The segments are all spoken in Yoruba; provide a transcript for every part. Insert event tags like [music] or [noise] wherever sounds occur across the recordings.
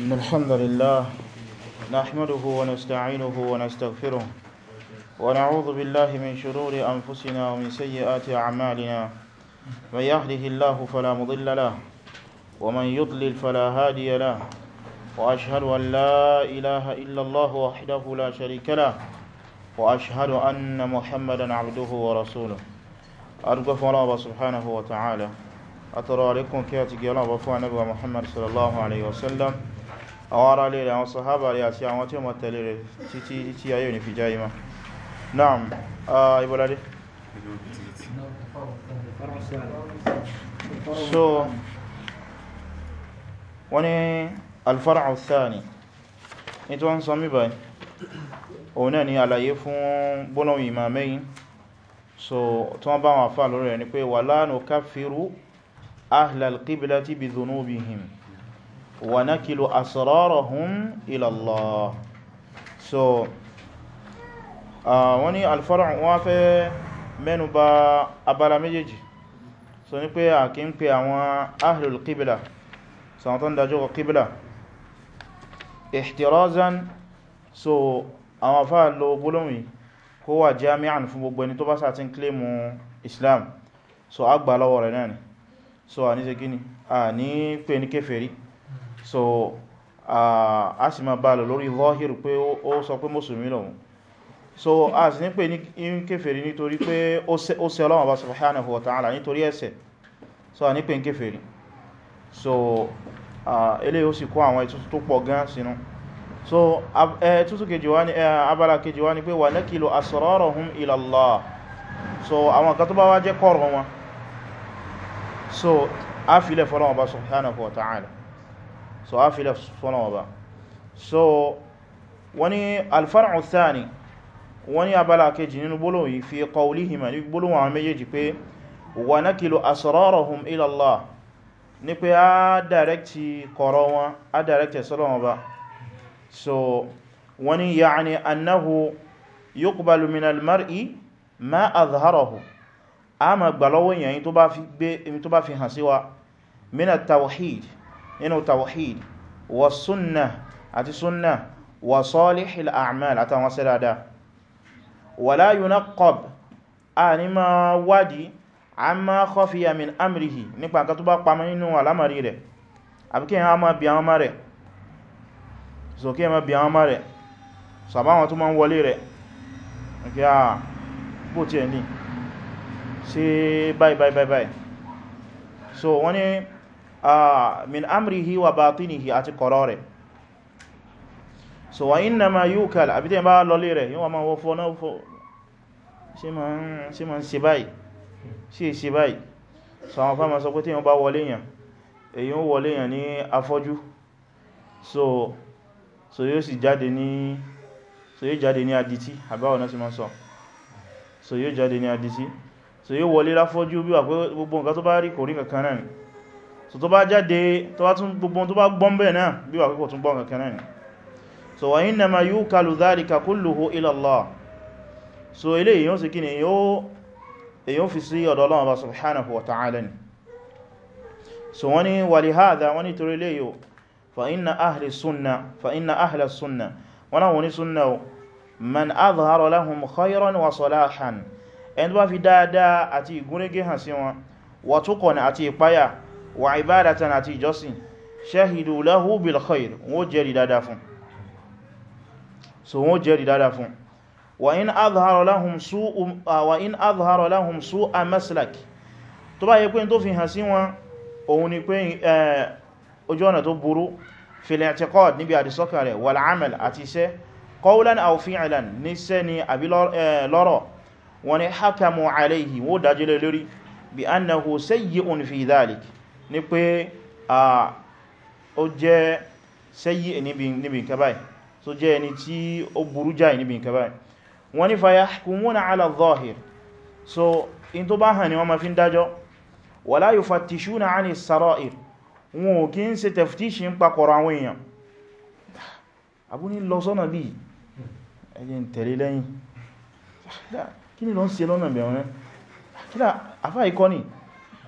إن الحمد لله نحمده ونستعينه ونستغفره ونعوذ بالله من شرور أنفسنا ومن سيئات أعمالنا من يهده الله فلا مضل له ومن يضلل فلا هادي له وأشهد أن لا إله إلا الله وحده لا شريك له وأشهد أن محمدا عبده ورسوله أرقف الله سبحانه وتعالى أترى لكم كاتب الله وفوى نبوى محمد صلى الله عليه وسلم àwọn ará lè rẹ̀ àwọn sọ̀hábà rẹ̀ àti àwọn tí ó mọ̀ tẹ̀lé rẹ̀ títí tí ayé ò ní fi jáyé ma naam ibọ́ládé so wọ́n ni alfara'u thani ní tí wọ́n sọ mí òun náà ni àlàyé fún gbónáwì ìmàmẹ́yìn so tí wọ́n bá wọn àfà lórí rẹ̀ ni pé wala nukaffiru ahlal qiblati bi dhunubihim wa nakilu asrarahum ila so ah, wọ́n ní alfara wọ́n fẹ́ mẹ́nubà abala méjèèjì so ní pé a kí ń pè àwọn ahlul qibla so àwọn tó ń dájọ́ so àwọn afá lo gbólóhùn kó wà jami'an fún gbogbo ẹni tó bá sàtín kílèmù islam so agbà lọ́wọ́ rẹ̀ náà ni so a ní ṣe gini a ní pè ní kéfèrí so a sì máa bá lọ lórí zahir pé ó sọ pé mùsùlùmí lòun so a sì ní pé ní kéfèrí nítorí pé ó ṣẹ̀ Ọlọ́run Ọba subhanahu wa ta'ala nítorí ẹ̀ṣẹ̀ so a ní pé ní kéfèrí so eléyìí ó sì kó àwọn ìtútù tó pọ̀ gan sínú so tútù kejì wá ní abala kejì wá ní pé wà nakilu asrarahum ila Allah so àwọn kan to bá wá jẹ́ kọ̀rọ̀ wọn so a filẹ̀ fọ́lọ́run Ọba subhanahu wa ta'ala so a filẹ̀ fọ́nà ọba so wani alfar'u thani wani abala kejì nínú bólò yìí fi qawlihima ní bólò wọn méjèèjì pé wa nakilu asrarahum ila Allah ní pé a dàrẹ́kì kọ̀rọ̀ wọn a dàrẹ́kì sọ́lọ̀ ọba so wani ya'ni annahu yuqbalu min almar'i ma azharahu a ma gbà lọ́wọ́ èyàn tó bá fi hàn sí min at-tawhid nínú tawhid wa sunna àti sunna wa salihil a'mal àtàwọn sí dáadáa wala yunaqab a ní ma wádìí amma khafiya min amrihi nípa nǹkan tó bá pamọ́ nínú alámàrí rẹ̀ àbíkí yẹn a máa bí àwọn márẹ̀ so kí so àbáwọn Ah, min amrihi wa batinihi àti kọ̀rọ̀ rẹ̀ so wa inna ma yukal àbítẹ̀ bá lọlé rẹ̀ yíwa ma wọ́ fọ́ náà fọ́ sí ma ń ṣe báyìí sí ṣe báyìí so àwọn fáma sọ pé tí wọ́n bá wọlé yàn èyí ó ni yàn ní so so yóò si jáde ni, so yóò jáde ni aditi, àbáwọ̀ náà si ma so, so yóò jáde ni aditi, so yóò wọlé láfọ́jú bi wà pé gbogbo nǹkan tó bá rí kò rí kankan náà so tó bá jáde tó bá tún gbogbo tó bá gbọ́n bẹ̀ náà bí wà kọ́kọ́ tún gbọ́n kankan náà ni so wa innama yukalu dhalika kulluhu ila Allah so ilé èyàn sì kí ni èyàn fi sí ọ̀dọ̀ Ọlọ́run Ọba subhanahu wa ta'ala ni so wọ́n ni wa lihadha wọ́n ni torí léyò fa inna ahli sunna fa inna ahla sunna wọ́n náà sunna o man azhara lahum khayran wa salahan ẹni tó fi dáadáa àti ìgúnrégé hàn sí wọn wa tuqan àti ìpáyà wa ibadatan àti ìjọsìn shahidu lahu bil khair wọ́n jẹ́rì dáadáa fún so wọ́n jẹ́rì dáadáa fún wa in azhara lahum su'u wa in azhara lahum su'a maslak tó bá yẹ pé tó fi hàn sí wọn òun ni pé ojú ọ̀nà tó burú fil níbi àdìsọ́kà rẹ̀ wal amal àti iṣẹ́ qawlan aw fi'lan ní iṣẹ́ ni àbí lọ́rọ̀ wọn ni hakamu alayhi wó dájúlẹ̀ lórí bi annahu sayyi'un fi dhalik ní pé a ó jẹ́ sayyi níbi nǹkan báyìí tó jẹ́ ẹni tí ó burú jáì níbi nǹkan báyìí wọ́n ní fa yahkumuna ala adh-dhahir so in tó bá hàn ní wọ́n ma fi ń dájọ́ wala yufattishuna 'ani as-sara'ir wọn ò kí ń ṣe taftishi ń pakọrọ àwọn èèyàn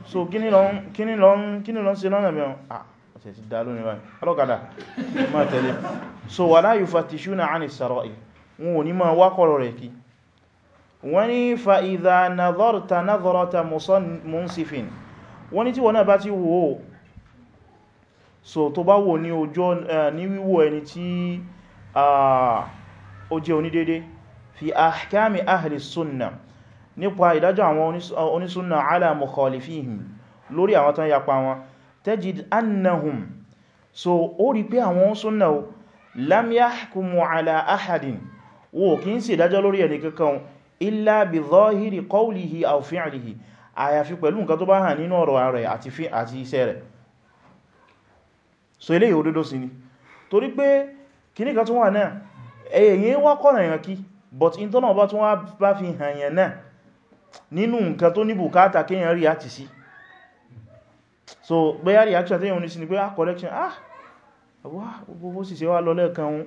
so kíni lọ ń ṣe lọ́nà mẹ́rin ah ọ̀sẹ̀ ti dá lónìí báyìí alọ́kadà ma tẹ̀lé so wala yufatishuna ani sarai wọn ò ní ma wá kọ̀rọ̀ rẹ̀ kí wọ́n ni fa idha nadharta nadharata munsifin wọ́n ni tí wọ́n náà bá ti wò so tó bá wò ní ojú ní wíwò ẹni tí ó jẹ́ onídédé fi ahkami nípa ìdájọ́ àwọn onísúnnà ala mukhalifihim lórí àwọn tán yapa wọn tajid annahum so ó rí pé àwọn súnnà o lam yahkumu ala ahadin wo kí n sì dájọ́ lórí ẹni kankan illa bi zahiri qawlihi aw fi'lihi àyàfi pẹ̀lú nǹkan tó bá hàn nínú ọ̀rọ̀ rẹ̀ àti fi àti iṣẹ́ rẹ̀ so eléyìí òdodo sí ni torí pé kíní kan tún wà náà èyí wá kọ́nà èyàn but in tọ́nà bá tún wá bá fi hàn yẹn náà nínú nǹkan tó ní bùkátà kíyàn rí àti sí so bẹ́yà reaction tí yàn ní sí ni pé ah collection ah gbogbo sì ṣe wá lọ lẹ́ẹ̀kan ohun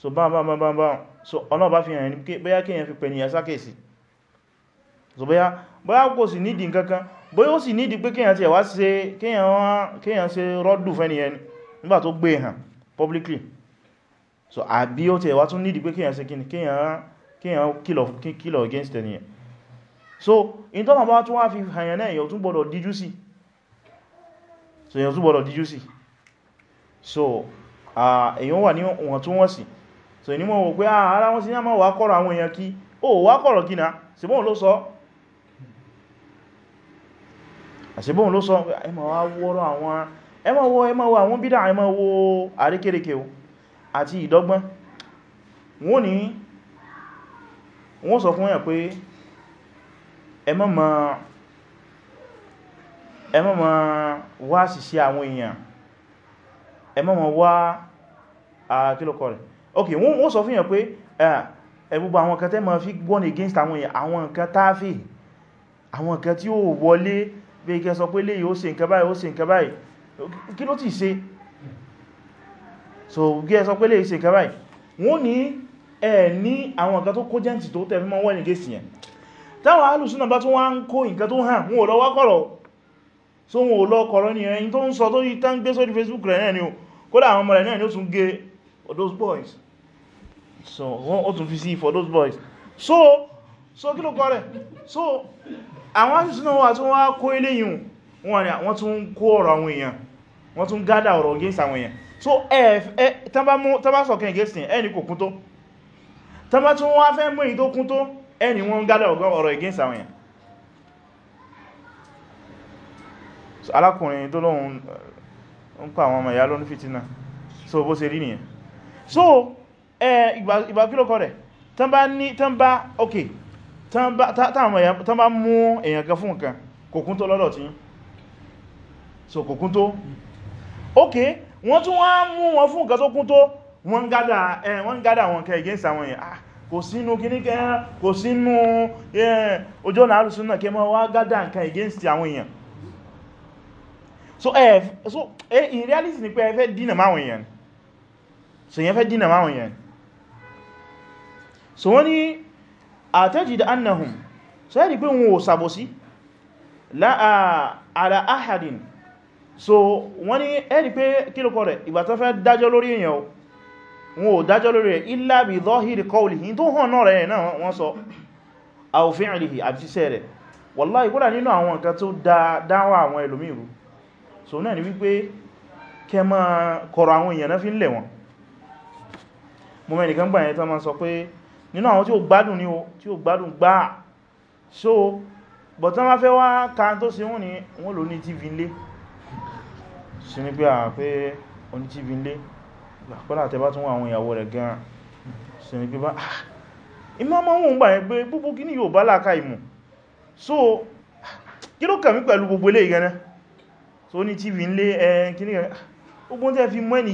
so bá bá bá bá so ọ̀nà bá fi hàn ní bẹ́yà kíyàn fi pẹ̀lú ìyàsákèsí so bẹ́yà bẹ́yà kò sì nídìí nǹkankan bóyá ó sì nídìí pé kíyàn ti ẹ̀wá ṣe kíyàn ṣe rọ́dù fẹ́ni ẹni nígbà tó gbé e hàn publicly so àbí ó ti ẹ̀wá tún nídìí pé kíyàn ṣe kíyàn against ẹni so in tọ́nà bá tún wá fi hàyàn náà èyàn tún gbọ́dọ̀ díjú sí so èyàn tún gbọ́dọ̀ díjú sí so èyàn wà ní wọ́n tún wọ́n sí so ní mọ́ wò pé ara wọn sí ní a máa wà kọ́rọ̀ àwọn èyàn kí o wà kọ́rọ̀ kí na síbọ́n ló sọ àṣíbọ́n ló sọ ẹ máa wá wọ́rọ̀ àwọn wọ́n sọ fún èyàn pé ẹ má ma wá àṣìṣe àwọn èèyàn ẹ má ma wá àkílòkọ rẹ̀ ok wọ́n sọ fíyàn pé ẹgbogbo àwọn kan tẹ́ ma fi born against àwọn èèyàn àwọn nǹkan táàfì àwọn nǹkan tí ó wọlé bí i kẹ́ sọ pé léyìí ó ṣe nǹkan báyìí ó ṣe nǹkan báyìí kí ló ti ṣe so gẹ́ sọ pé léyìí ṣe nǹkan báyìí wọ́n ní ẹ̀ ní àwọn nǹkan tó kó jẹ́ǹtì tó tẹ́ fi mọ́ wọ́n ní gẹ́sì yẹn táwọn alùsùnà bá tún wá ń kó nǹkan tó hàn wọn ò lọ wákọ̀rọ̀ so wọn ò lọ kọ̀rọ̀ ní ẹ̀yìn tó ń sọ tó yí tán gbé sórí Facebook rẹ̀ náà ni o kódà àwọn ọmọ rẹ̀ náà ni ó tún gé for those boys so wọ́n ó tún for those boys so so kí ló kọ́ rẹ̀ so àwọn alùsùnà wà tún wá kó ilé yìí wọn ni wọ́n tún kó ọ̀rọ̀ àwọn èèyàn wọ́n tún gádà ọ̀rọ̀ against àwọn so ẹ tán bá sọ̀kẹ́ against ẹ̀ ní kò kún tó tán bá tún wá fẹ́ mú èyí tó kún tó ẹni wọ́n gádà ọgọ́ ọ̀rọ̀ against àwọn èèyàn so alákùnrin tó lóhun uh, ń pa àwọn ọmọ ìyá lónú fìtínà so bó ṣe rí nìyàn so ìgbà kílòkọ rẹ̀ tán bá ní tán bá ok tán bá mú èèyàn kan fún nǹkan kòkún tó lọ́dọ̀ tí so kòkún tó ok wọ́n tún wọ́n mú wọn fún nǹkan tó kún tó wọ́n gádà wọn kẹ́ against àwọn èèyàn ah kò sínú kìníkẹ́ kò sínú ojú ọ̀nà alùsùnà kẹ mọ́ wá gádà nǹkan against àwọn èèyàn so eh so eh in reality ni pé ẹ fẹ́ dínà máwọn èèyàn so yẹn fẹ́ dínà máwọn èèyàn so wọ́n ni àtẹ́jì da annahum so yẹ́ ni pé wọn ò sàbòsí ala ahadin so wọ́n ni ẹ́ ni pé kílùkọ́ rẹ̀ ìgbà tó fẹ́ dájọ́ lórí èèyàn wọn ò dájọ́ lórí rẹ̀ illa bi zahiri qawlihi tó hàn náà rẹ̀ náà wọ́n sọ aw fi'lihi àbíṣẹ́ rẹ̀ wallahi kódà nínú àwọn nǹkan tó dáwà àwọn ẹlòmí ìrú so náà ni wípé kẹ ma kọ̀rọ̀ àwọn èèyàn náà fi ń lẹ̀ wọn mo mẹ́ nìkan gbàyẹn tán ma sọ pé nínú àwọn tí lápọ́lá àtẹ́bá tún àwọn ìyàwó rẹ̀ gan sí ní pípá ìmọ́ ma wọ́n gbà ẹgbẹ́ gbogbo kí ní yóò bá láàká ìmù so kí ló kàmí pẹ̀lú gbogbo ilé ìgẹ́nẹ́ so ní tv nlé ẹnkí ní gbogbo tẹ́ fi mọ́ ẹni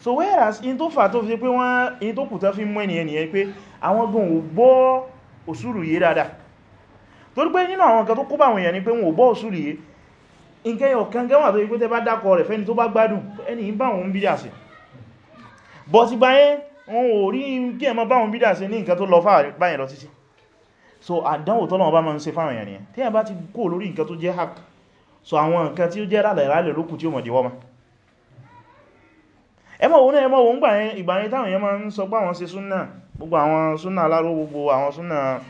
so whereas in tó fà tó fi pé wọ́n in tó kù tán fi mọ́ ẹni ẹni ẹ pé àwọn gan ò gbọ́ òsùrù yìí nǹkan yọ kan gẹ́wà tó ikútẹ́ bá dákọ̀ rẹ̀ fẹ́ni tó bá gbádùn ẹni bá wọn bídà sí bọ́ ti báyẹ́ wọn ò rí kí ẹmọ bá wọn bídà sí ní nǹkan tó lọ báyẹ̀ lọ títí so àdánwò tọ́lọ̀ bá ma ń ṣe fáwọn èèyàn nìyẹn tí ẹ bá hack so àwọn nǹkan tí ó jẹ́ rálẹ̀ rálẹ̀ lókù tí ó mọ̀ díwọ́ ma ẹmọ òun náà ẹmọ òun gbà yẹn ìgbà yẹn táwọn èèyàn ma ń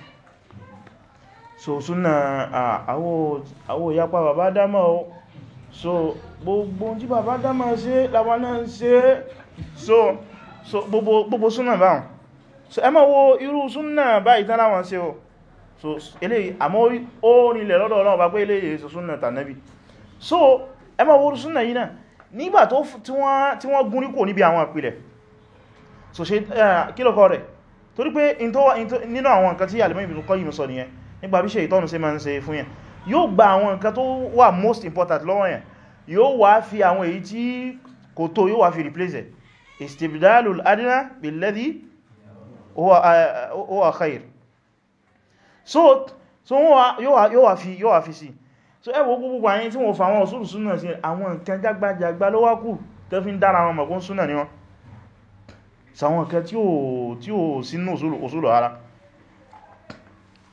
so súnà àwọ̀ ìyapa bàbá dámà o so gbogbo tí bàbá dámà ṣe láwa náà ṣe so so gbogbo súnà báhùn so ẹ wo irú súnà bá ìtàlá wọn ṣe o so eléyìí àmọ́ ó nílẹ̀ lọ́dọ̀ Ọlọ́run bá pé eléyìí èso súnà tànẹ́bì so ẹ má wo súnà yìí náà nígbà tí wọ́n gún ní kò níbi àwọn àpìlẹ̀ so ṣe kílọ̀kọ́ rẹ̀ torí pé nínú àwọn nǹkan tí Al-Imam Ibn Qayyim sọ nìyẹn nípa bí ṣètọ́nù ṣe máa ń ṣe fún yẹn yóò gba àwọn nǹkan tó wà most important lọ́wọ́ yẹn yóò wá fi àwọn èyí tí kò tó yóò wá fi replace istibdalul adna billadhi huwa khair so yóò wá fi yóò wá fi sí so ẹwọ gbogbo àyín tí wọ́n fa àwọn òsùn súnà sí àwọn nǹkan jágbàjàgbà ló wá kù tẹ́ fi ń dára àwọn mọ̀kún súnà ni wọ́n sàwọn nǹkan tí ó sínú òsùlù ara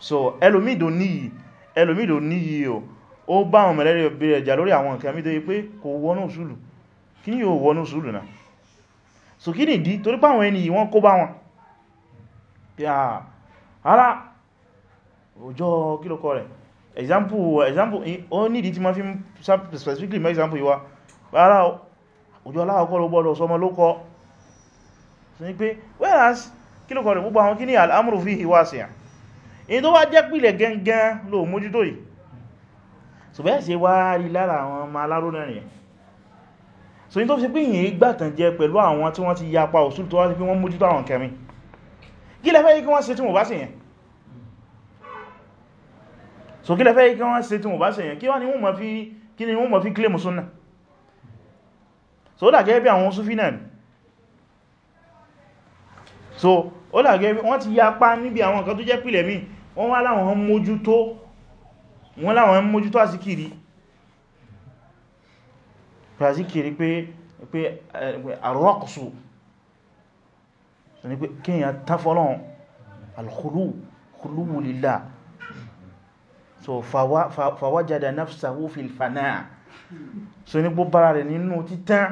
so ẹlòmídò níyì ẹlòmídò níyì o ó bá àwọn mẹ́lẹ́rẹ́ bẹ̀rẹ̀ jà lórí àwọn nǹkan mídò pé kò wọnú sùúlù kí ni yóò wọnú sùúlù náà so kí nìdí torí pé àwọn ẹni yìí wọ́n kó bá wọn ara ọjọ́ kílòkọ rẹ̀ example example ó nídìí tí ma specifically mọ́ example yìí wá ara ọjọ́ aláwọ̀kọ́ ló gbọ́dọ̀ sọmọ ló kọ́ sí pé whereas kílòkọ rẹ̀ gbogbo àwọn kí ní al'amuru fihi wasi'a èyí tó wá jẹ́ pìlẹ̀ gangan ló mójútó yìí ṣùgbọ́n ẹ̀ṣẹ̀ wá rí lára àwọn ọmọ aláró rẹ̀rìn so ní tó fi sí pé yìí gbàtàn jẹ pẹ̀lú àwọn tí wọ́n ti ya pa òsùl tó wá sí pé wọ́n mójútó àwọn kẹrin kí lẹ fẹ́ yí kí wọ́n ṣe tí wọ́n bá ṣe yẹn so kí lẹ fẹ́ yí kí wọ́n ṣe tí wọ́n bá ṣe yẹn kí wọ́n ni wọ́n mọ̀ fi claim sunna so ó dàgẹ́ bí àwọn Sufi náà so ó dàgẹ́ bí wọ́n ti ya pa níbi àwọn nǹkan tó jẹ́ pìlẹ̀ míì wọ́n wá láwọn mójútó wọ́n láwọn mójútó àsíkiri pàsíkiri pé pé àrọ́kùsù ní pé kíyàn tafọ́lọ́n alkhulúwù lillah so fàwájádà nafsahu fil fanaa so ní gbóbára rẹ̀ nínú títán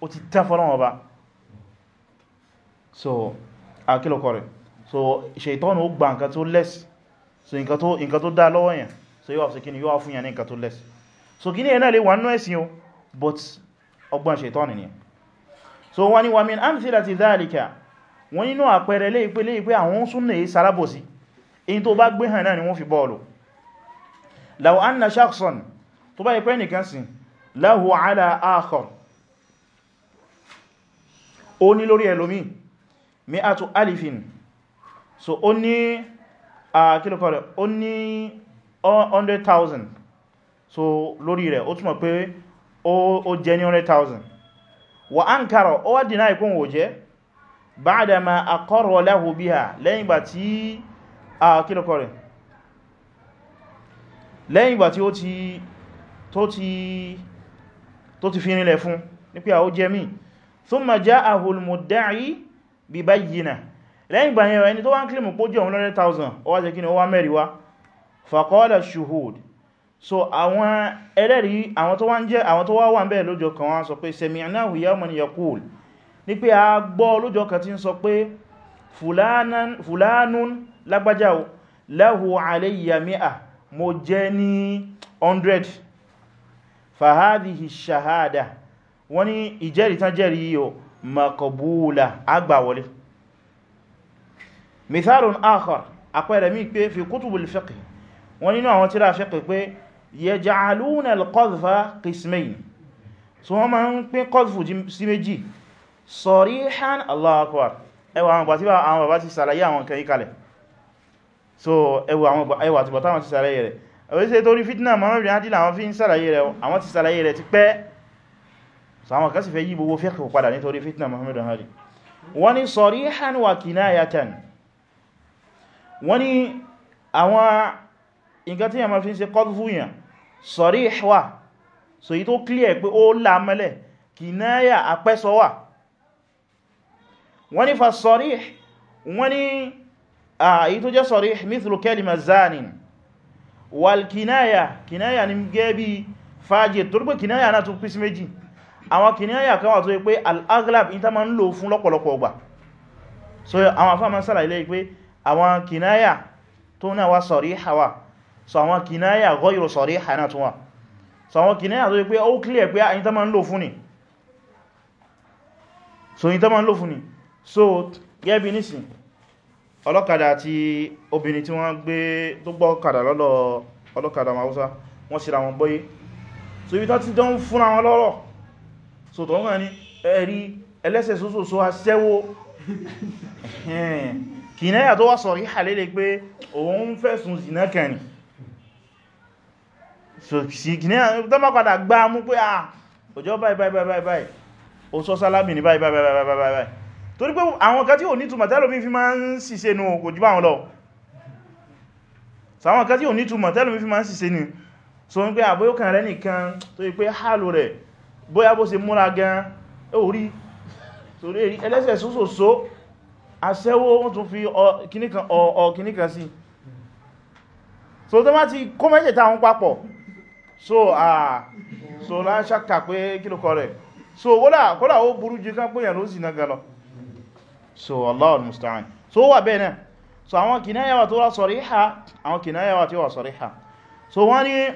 ó ti tafọ́lọ́n ọba so akílọ̀kọ̀ rẹ̀ so ṣaitọ́nù ó gbà nǹkan tó lẹ́sì so nǹkan tó dá lọ́wọ́ yẹn so yíwa fún yíwa fún yẹn ní nǹkan tó less so kí ní ẹ̀nà lè wà nínú ẹ̀sìn o but ọgbọ́n ṣètánì ni so wọ́n ni wà min amthilati dhalika wọ́n nínú àpẹẹrẹ lè pé lè pé àwọn súnnà yìí salábòsí in tó bá gbé hàn náà ni wọ́n fi bọ́ọ̀lù law anna shakhsan tó bá ipẹ́ nìkan sin lahu ala akhar ó ní lórí mi atu alifin so ó Ah, kílùkọ́ rẹ̀ ó ní 100,000 so lórí rẹ̀ ó túnmọ̀ pé ó jẹ ní 100,000 wà án kàrọ̀ ó wá dìná ìkún wò jẹ́ ba'da ma aqarra lahu biha lẹ́yìn ìgbà tí kílùkọ́ rẹ̀ lẹ́yìn ìgbà tí ó ti tó ti fi fún ní àwọn jẹ́ bi bayyinah lẹ́yìn ìgbà yẹn ẹni tó wá ń kílìmù pó jẹ́ òun 100,000 ọwá jẹ́ kí ni ó wá mẹ́rin wá fàkọ́ọ́lẹ̀ ṣuhud so àwọn ẹlẹ́rìí àwọn tó wá ń jẹ́ àwọn tó wá wà ń bẹ́ẹ̀ lọ́jọ́ kan wá sọ pé sami'nahu yawman yaqul ní pé a gbọ́ lọ́jọ́ kan tí ń sọ pé fulanun lágbájá o lahu alayya mi'a mo jẹ́ ní 100 fahadihi shahada wọ́n ní ìjẹ́rìí tán jẹ́rìí yíò makabula mithalun akhar àpẹẹrẹ mi pé fi kutubul fiqh wọn nínú àwọn tírà fiqh pé yaj'aluna al-qadhfa qismayn so wọ́n máa ń pín qadhfu sí méjì sarihan Allahu akbar ẹwà àwọn bàtí àwọn bàbá ti sàlàyé àwọn kan ikalẹ̀ so ẹwà àwọn ẹwà ti bàtà àwọn ti sàlàyé rẹ̀ ẹwà ìṣẹ́ torí fitna Muhammad bin adil àwọn fi ń sàlàyé rẹ̀ àwọn gbogbo fiqh padà nítorí fitna Muhammad bin adil wọ́n ni sarihan wa kinayatan wọ́n ní àwọn nǹkan tí a ma fi ń ṣe kọ́dùfù yàn sarih wà so yí tó clear pé ó lámẹ́lẹ̀ kìnáyà apẹ́sọ wà wọ́n ní fa sarih wọ́n ní àyí tó jẹ́ sarih mithlu kalima zanin wal kìnáyà kìnáyà ni gẹ́bí fàájì tó rúgbé kìnáyà náà tó pín sí méjì àwọn kìnáyà kan wà tó yí pé al in ta ma ń lò fún lọ́pọ̀lọpọ̀ ọgbà so àwọn afá ma ń sára ilé pé àwọn kìnáyà tó náà wá sọ̀ríhà wà so àwọn kìnáyà gọ́yìrò sọ̀ríhà náà tún wà so àwọn kìnáyà tó yí pé ó clear pé àyíta ah, ma ń lò fún ni so àyíta ma ń lò fún ni so gẹ́bí nísìn ọlọ́kadà àti obìnrin tí wọ́n gbé tó gbọ́ ọ̀kadà lọ́lọ́ ọlọ́kadà mawusa wọ́n síra wọn bọ́yé so ibi tó ti dán fúnra wọn lọ́rọ̀ so tó ń gbà ní ẹ̀rí ẹlẹ́sẹ̀ sósòsó aṣẹ́wó [laughs] kìnnáyà tó wá sọ̀rí hàlélé pé òun fẹ̀sùn zìnà kẹni so kìnnáyà tó má padà gbá mú pé à ah, òjò báyìí báyìí báyìí báyìí ó sọ sálámì ní báyìí báyìí báyìí báyìí torí pé àwọn kan tí ò ní túmọ̀ tẹ́lómi fi máa ń ṣiṣẹ́ nù kò jù bá wọn lọ so àwọn kan tí ò ní túmọ̀ tẹ́lómi fi máa ń ṣiṣẹ́ nù so ń pé àbóyó ah, kan rẹ̀ nìkan tó yí pé hálò rẹ̀ bóyá bó ṣe múra gan orí torí ẹlẹ́sẹ̀ sósòsó aṣẹ́wó wọ́n tún fi kìníkan ọ̀ kìníkan sí so tó má ti kó méjì táwọn papọ̀ so àà so náà ṣàkà pé kílùkọ rẹ̀ so kódà ó burú jù kán pèyàn ló sì náà gan so Allah mustaan so wà bẹ́ẹ̀ náà so àwọn kìnáyàwà tó wà sọ̀ríhà àwọn kìnáyàwà tí wà sọ̀ríhà so wọ́n ni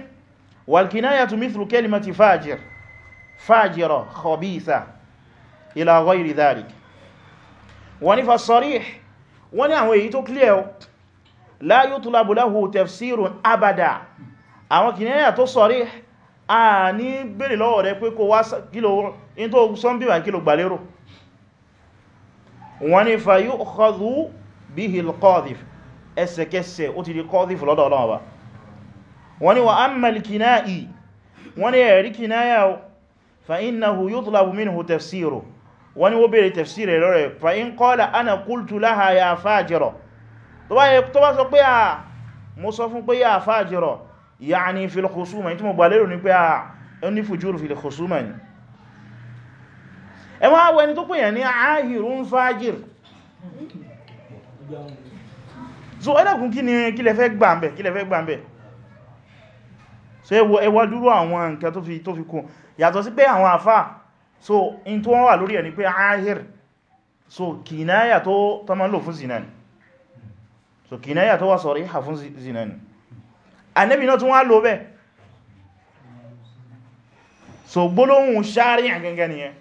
walkinayatu mithlu kalimati fajir fajira khabitha ila ghayri dhalik wọ́n ní fasarih wọ́n ní àwọn èyí tó clear la yutlabu lahu tafsirun abada àwọn kìnnìyàn tó sarih a ní bèèrè lọ́wọ́ rẹ̀ pé kó wá kílò in tó sọ́n bí wà kílò gbàlérò wọ́n ní fa yu'khadhu bihi al-qadhif ẹsẹ̀kẹsẹ̀ ó ti di qadhif lọ́dọ̀ wọ́n ni wó bèèrè tafsir rẹ̀ lọ́rẹ̀ fa in qala ana qultu laha ya fajira tó bá sọ pé à ah, mo sọ fún pé ya fajira ya'ni fil khusuma tí mo gbà lérò ní pé à ah, ó ní fujur fil khusuma ni ẹwọ́n awọ ẹni tó pè yà ní ahirun fajir so ẹlẹ́kùn kí ni kílẹ̀ so in tó wọ́n wà lórí ẹ̀ ni pé ahir so kìnáyà tó tọ́mọ́ lò fún zina ni so kìnáyà tó wà sọ̀rọ̀ ìhà fún zina ni anẹ́bì náà tún wá lò bẹ́ so gbólóhùn ṣáàrin àgẹ́gẹ́ ni ẹ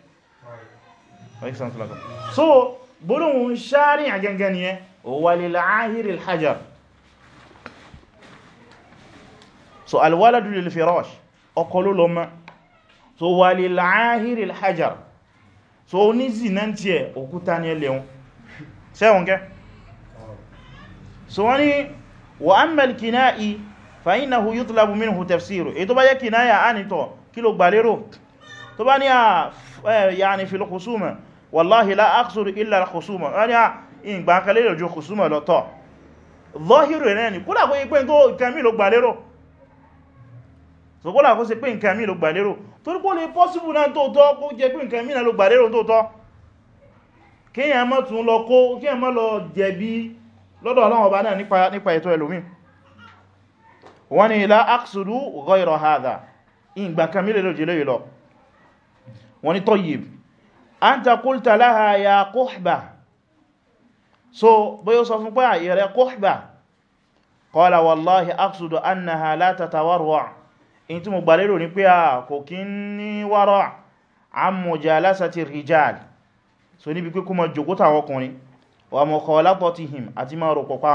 so gbólóhùn ṣáàrin àgẹ́gẹ́ ni ẹ walil ahir alhajar so alwaladu lil firash ọkọ̀ ló lọ so wà lè láàáhìrì hajjar so ní zina ti ẹ̀ òkúta ní ẹlẹ́un sẹ́wọ̀n kẹ́ so wọ́n ni wa ammal kina'i fa innahu yutlabu minhu tafsiru èyí tó bá yẹ kìnáyà á nìtọ̀ kí ló gbà lérò tó bá ní ya'ni fil khusuma wallahi la aqsuru illa al à ìgbà kan lérò ju khusuma lọ́tọ̀ zọ́hìrò rẹ̀ so kó làkó ṣe pé nǹkan mí ló gbàlérò torí kó lè possible náà tó tọ́ kó jẹ pé nǹkan mí náà ló gbàlérò tó tọ́ kíyàn mọ́ tún lọ kó kíyàn mọ́ lọ jẹ̀bi lọ́dọ̀ Ọlọ́run Ọba náà nípa ètò ẹlòmí wọ́n ni la aqsudu ghayra hadha so bóyó sọ fún pé àyẹ̀rẹ̀ Quhba qala wallahi aqsudu annaha in tí mo gbà lérò ní pé a kò kí ní wárọ̀ amujalasati rijal so níbi pé kó má jòkótà ọkùnrin wa mukhalatihim àti máa rọ̀pọ̀ pa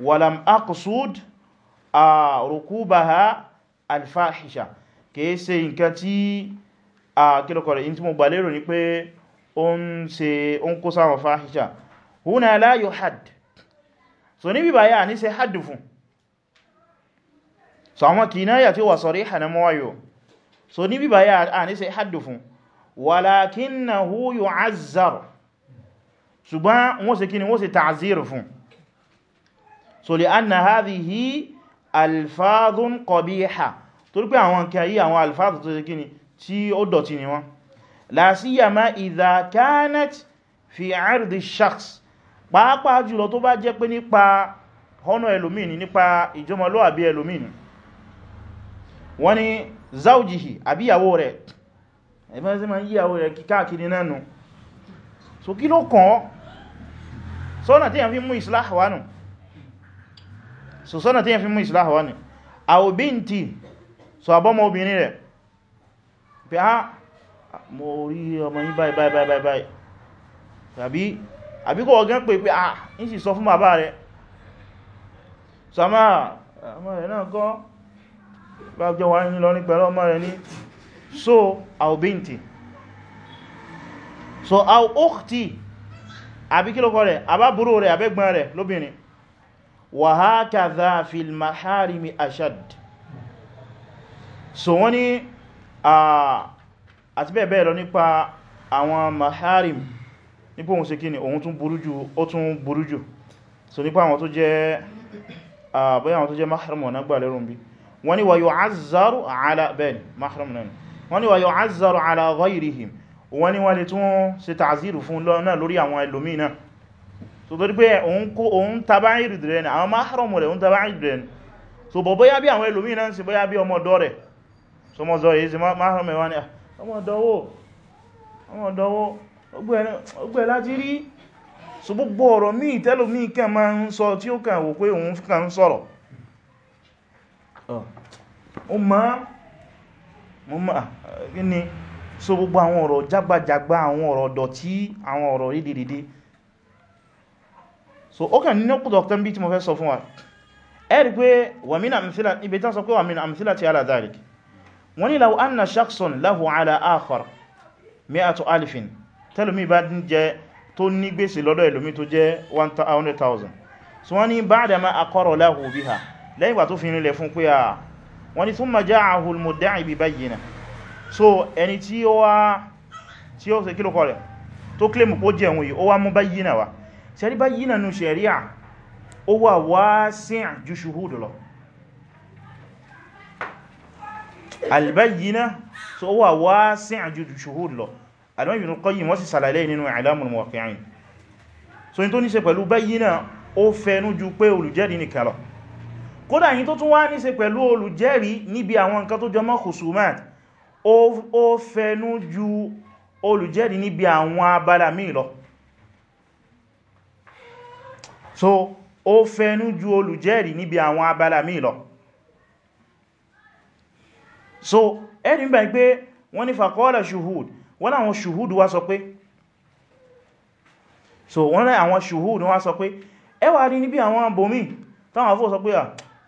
wọn walam aqsud a rukubaha alfahisha kìí ṣe nǹkan tí a kílọ̀kọ̀rẹ̀ in tí mo gbà lérò ní pé o ń ṣe o ń kó sáwọn fahisha huna la yuhad so níbi báyá ní ṣe haddù fún so àwọn kìnáyà tí ó wà sọ̀rí hànà mọ́wàyò so ní bíbá yà à ní ṣe haddu fún walakinnahu yu'azzar ṣùgbọ́n wọ́n ṣe kíni wọ́n ṣe ta'zir fún so li anna hadhihi alfadhun qabiha torí pé àwọn kẹyí àwọn alfadhun tó ṣe kíni tí ó dọ̀tí ni wọ́n la siyama idha kanat fi 'ardi shakhs pàápàá jùlọ tó bá jẹ́ pé nípa ọ̀nà ẹlòmíì nípa ìjọmọlúwàbí ẹlòmíì wọ́n ni zawjihi àbíyàwó rẹ̀ ẹ̀bẹ́ sí ma yíyàwó rẹ̀ kíkàkiri nánu so kí ló kàn sọ́nà tí yàn fi mú islah wá nù so sọ́nà tí yàn fi mú islah wá nù aw binti so àbọ́mọ obìnrin rẹ̀ pé á mo rí ọmọ yí báyìí báyìí báyìí báyìí tàbí àbíkọ̀ ọgán pé pé à ń sì sọ fún bàbá rẹ̀ so àmà rẹ̀ náà gan bá jẹ́ wà ní lọ́rin pẹ̀lú ọmọ rẹ̀ ní so aw binti so aw ukhti àbí kí lókọ rẹ̀ àbábúrò rẹ̀ àbẹ́gbọ́n rẹ̀ lóbìnrin wa hakadha fil maharimi ashad so wọ́n ni àti bẹ́ẹ̀ bẹ́ẹ̀ lọ nípa àwọn maharim nípa òun ṣe kí ni òun tún burú jù ó tún burú jù so nípa àwọn tó jẹ́ àbọ́yà àwọn tó jẹ́ maharim ọ̀nà gbà lẹ́rùn bí i wọ́n ni wà yu'azzaru ala bẹ́ẹ̀ni mahram náà wọ́n ni wà yu'azzaru ala ghayrihim wọ́n ni wọ́n lè tún ṣe ta'ziru fún náà lórí àwọn ẹlòmí náà so torí pé òun tabáyìrì rẹ̀ ni àwọn mahram rẹ̀ òun tabáyìrì rẹ̀ ni so bọ̀ bóyá bí àwọn ẹlòmí náà ń ṣe bóyá bí ọmọ ọ̀dọ́ rẹ̀ sọmọ zọ èyí sí mahram ẹ̀wọ́n ni ah, ọmọ ọ̀dọ́wọ́ o ma mo ma gini so gbogbo àwọn ọ̀rọ̀ jágbàjàgbà àwọn ọ̀rọ̀ dọ̀tí àwọn ọ̀rọ̀ rídìdìdì so ó kàn ní ọkùdọ̀ tán bí tí mo fẹ́ sọ fún wa ẹ̀rì pé wàmínà àmìsílà ibi tán sọ pé wàmínà àmìsílà ti ala dhalik wọ́n ni law anna shakhsun lahu ala akhar mi'atu alifin tẹ́lùmí bá ń je tó ní gbèsè lọ́dọ̀ ẹlòmí tó jẹ́ 100,000 so wọ́n ni ba'da ma aqarra lahu biha lẹ́yìn ìgbà tó fi rinlẹ̀ fún pé à wọ́n ni thumma ja'ahu al-mudda'i bi bayyina so ẹni tí ó wá tí ó ṣe kílòkọ rẹ̀ tó kílèmù pó jẹun yìí ó wá mú bayyina wá ṣẹ́rí bayyina nù ṣẹ̀ríà ó wà wasi'a so ó wà wasi'a ju shuhudu lọ al-Imam Ibn al-Qayyim wọ́n sì sàlàyé so in tó ní ṣe pẹ̀lú bayyina ó fẹ́nu ju pé olùjẹ́rìí nìkan lọ kódà yìí tó tún wá ní ṣe pẹ̀lú olùjẹ́rí níbi àwọn nǹkan tó jọmọ́ khusumat ó fẹnu ju olùjẹ́rí níbi àwọn abala míì lọ so ó fẹnu ju olùjẹ́rí níbi àwọn abala míì lọ so ẹni bá pé wọ́n ní faqala shuhud wọ́n láwọn shuhud wá sọ pé so wọ́n láwọn shuhud wá sọ pé ẹwà rí níbi àwọn abòmí táwọn afọ́ sọ pé à ah,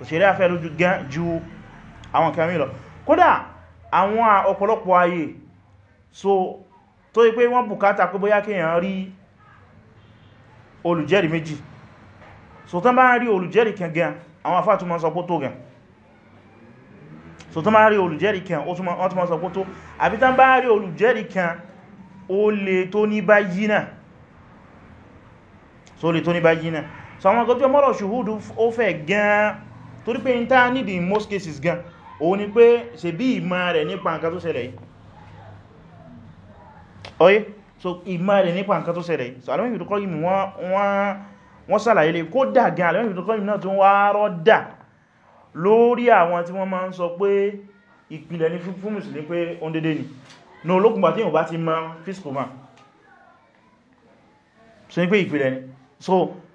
kò sí rí afẹ́ lójú gán ju àwọn kẹmí lọ kódà àwọn ọ̀pọ̀lọpọ̀ ayé so tó yí pé wọ́n bùkátà pé bóyá kíyàn rí olùjẹ́rì méjì so tán bá rí olùjẹ́rì kan gan àwọn afá túnmọ̀ sọ pó tó gan so tán bá rí olùjẹ́rì kan ó túnmọ̀ sọ pó tó àbí tán bá rí olùjẹ́rì kan ó lè tó ní bá yí náà so lè tó ní bá yí náà so àwọn ọgọ́jọ́ mọ́rọ̀ ṣùhúdù ó fẹ́ gan torí pé in ta need in most cases gan òun ni pé ṣe bí ìmọ̀ rẹ̀ nípa nǹkan tó ṣẹlẹ̀ yìí oye so ìmọ̀ rẹ̀ nípa nǹkan tó ṣẹlẹ̀ yìí so alẹ́mọ̀ ìbìtọ́kọ́ yìí wọ́n sàlàyé lè e. kó dà gan alẹ́mọ̀ ìbìtọ́kọ́ yìí náà tó wá rọ́ dà lórí àwọn tí wọ́n máa ń sọ pé ìpìlẹ̀ ní fún mùsùlùmí pé oun dédé ni no olókùnbà tí yíò bá ti ma fíṣkò máa so ní pé ìpìlẹ̀ ni so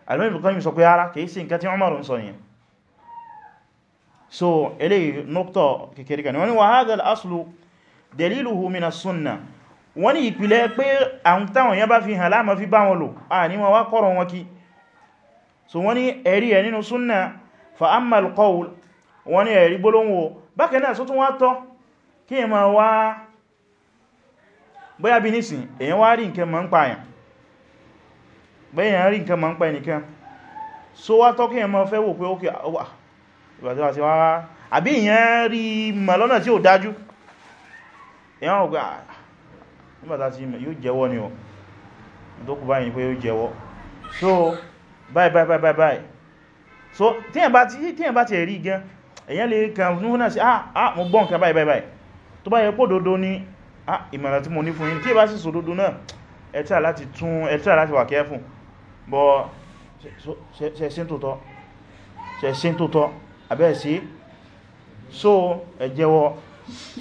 alẹ́mọ̀ ìbìtọ́kọ́ yìí sọ pé ara kìí sí nǹkan tí wọ́n mọ̀rún sọ yẹn so eléyìí nọ́kọ̀tọ̀ kékeré kan wọ́n ni wà hadha al-aslu daliluhu min as-sunnah wọ́n ni ìpìlẹ̀ pé àwọn táwọn yẹn bá fi hàn láàmà fi bá wọn lò a ní ma wá kọ́rọ̀ wọn kí so wọ́n ni ẹ̀rí ẹ̀ nínú súnnà fa amma al-qawl wọ́n ni ẹ̀rí gbólóhùn bákan náà sótún wá tọ́ kí ẹ ma wá bóyá bí nísìn èyàn wá rí nǹkan ma ń pa àyàn bóyá rí ma ń pa so wá tọ́ kí ẹ ma fẹ́ wò pé ókè ìgbàtíwà sí wá àbí ìyẹn rí mọ̀lọ́nà tí ó dájú ìyẹn rọ̀gbà nígbàtà tí yóò jẹ́wọ́ ni o ìdókù báyìí pé yóò jẹ́wọ́ so bye bye bye bye bye so tí ẹ̀ bá ti rí gan èyàn lè kàn fún náà sí ah mo gbọ́ nǹkan báyìí báyìí tó bá yẹ pò dodo ni ah ìmọ̀ràn tí mo ní fún yín tí ẹ bá sì sọ dodo náà ẹ try láti tún ẹ try láti wà careful bọ́ ṣẹ̀ṣẹ̀ tó tọ́ abẹ́ sí so ẹjẹ́wọ́